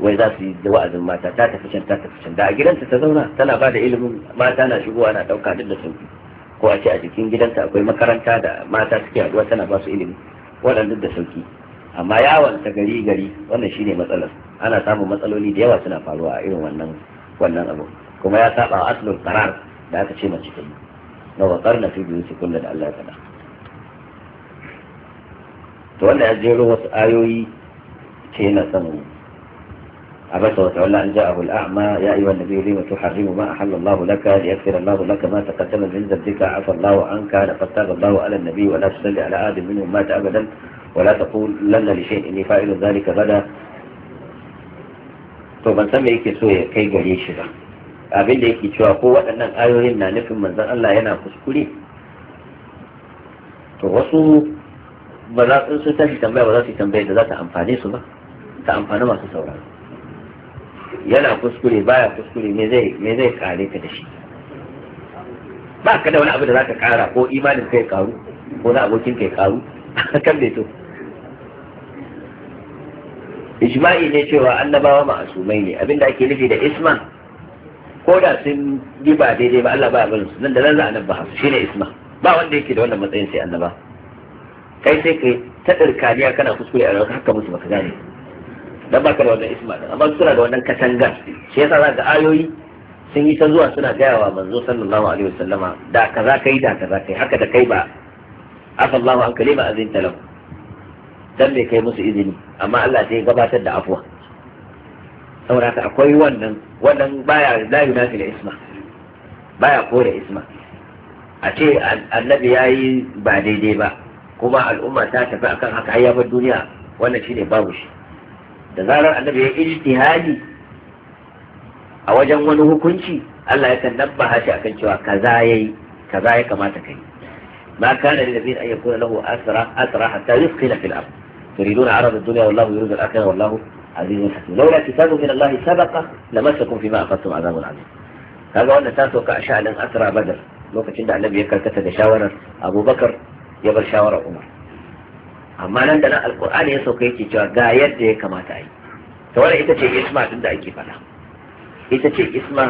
wai za su yi da wa'azin mata ta tafi can ta tafi can da a gidanta ta zauna tana ba da ilimin mata na shigowa na ɗauka duk da sun ko a ce a jikin gidanta akwai makaranta da mata suke haɗuwa tana ba su ilimi waɗanda da sauki amma yawon ta gari gari wannan shine matsalar ana samun matsaloli da yawa suna faruwa a irin wannan wannan abu kuma ya saba wa aslul qarar da aka ce mace ta yi na wakar na fi biyu sekunda da Allah ya faɗa to wannan ya jero wasu ayoyi ce yana samu? عبس وتولى أن جاءه الأعمى يا أيها النبي لم تحرم ما أحل الله لك ليغفر الله لك ما تقدم من ذنبك عفى الله عنك لقد تاب الله على النبي ولا تصلي على آدم منهم مات أبدا ولا تقول لن لشيء إني فاعل ذلك بدا to ban san me yake so ya kai gare shi ba abin da yake cewa ko waɗannan ayoyin na nufin manzon Allah yana kuskure to wasu ba za su tashi tambaya ba za su tambaya da za ta amfane su ba ta amfani masu sauraro yana kuskure baya kuskure me zai me zai kare ka da shi ba ka da wani abu da zaka kara ko imanin kai karu ko na abokin kai karu kan bai to ijma'i ne cewa annabawa ma'asumai ne abinda ake nufi da isma ko da sun yi ba daidai ba Allah ba ya su nan da nan za a nabba su shine isma ba wanda yake da wannan matsayin sai annaba kai sai kai ta dirkaniya kana kuskure a haka musu baka gane dan ka da wannan isma amma suna da wannan katangar shi yasa zaka ayoyi sun yi ta zuwa suna gaya wa manzo sallallahu alaihi wasallama da kaza kai da kaza kai haka da kai ba afa Allahu an kalima azin talam dan me kai musu izini amma Allah sai gabatar da afwa saboda akwai wannan wannan baya la yunafi da isma baya kore isma a ce annabi yayi ba daidai ba kuma al'umma ta tafi akan haka har ya bar duniya wannan shine babu shi da zarar annabi ya ijtihadi a wajen wani hukunci Allah yakan nabbaha shi akan cewa kaza yayi kaza ya kamata kai ما كان للذين أن يكون له أسرى أسرى حتى يثقل في الأرض تريدون عرض الدنيا والله يريد الآخرة والله عزيز حكيم لولا كتاب من الله سبق لمسكم فيما أخذتم عذاب عظيم هذا وأن تاسو كأشعل أسرى بدر لو كنت النبي يكركت شاورا أبو بكر يبر شاور عمر amma nan da nan alkur'ani ya sauka yake cewa ga yadda ya kamata a yi ta wani ita ce isma din da ake faɗa ita ce isma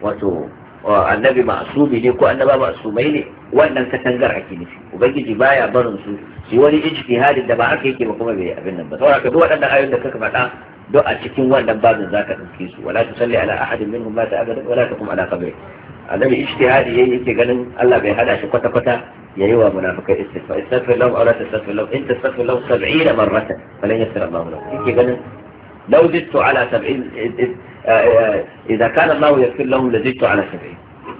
wato annabi ma'asumi ne ko annaba ma'asumai ne wannan katangar ake nufi ubangiji baya barin su shi wani ijtihadin da ba aka yake ba kuma bai abin nan ba saboda duk waɗannan ayoyin da kaka faɗa duk a cikin wannan babin zaka dauke su wala tusalli ala ahadin minhum ma ta'abada wala takum ala qabri annabi ijtihadi yayi yake ganin Allah bai hada shi kwata kwata yayi wa munafikai istighfar istaghfir lahum aw la tastaghfir lahum in tastaghfir lahum 70 marratan falan yasra Allah lahum yake ganin law zidtu ala 70 idza kana Allah yaghfir lahum la zidtu ala 70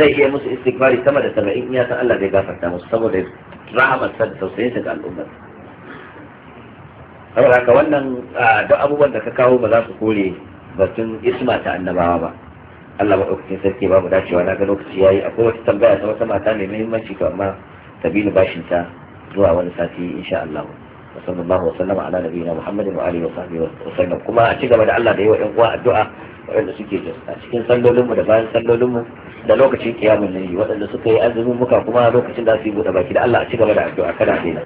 zai iya musu istighfari sama da 70 ya san Allah bai gafarta musu saboda rahamar sa da tausayin sa ga al'ummar saboda haka wannan duk abubuwan da ka kawo ba za su kore batun isma ta annabawa ba Allah maɗaukacin sarki babu dacewa na ga lokaci yayi akwai wata tambaya ta wata mata mai muhimmanci to amma tabilu bashin ta zuwa wani sati insha Allah wa sallallahu wa sallama ala nabiyina Muhammadin wa alihi wa sahbihi wa sallam kuma a ci gaba da Allah da yawa ƴan uwa addu'a waɗanda suke a cikin sallolin mu da bayan sallolin mu da lokacin kiyamun layi waɗanda suka yi azumin muka kuma lokacin da su yi buɗe baki da Allah a cigaba da addu'a kada a daina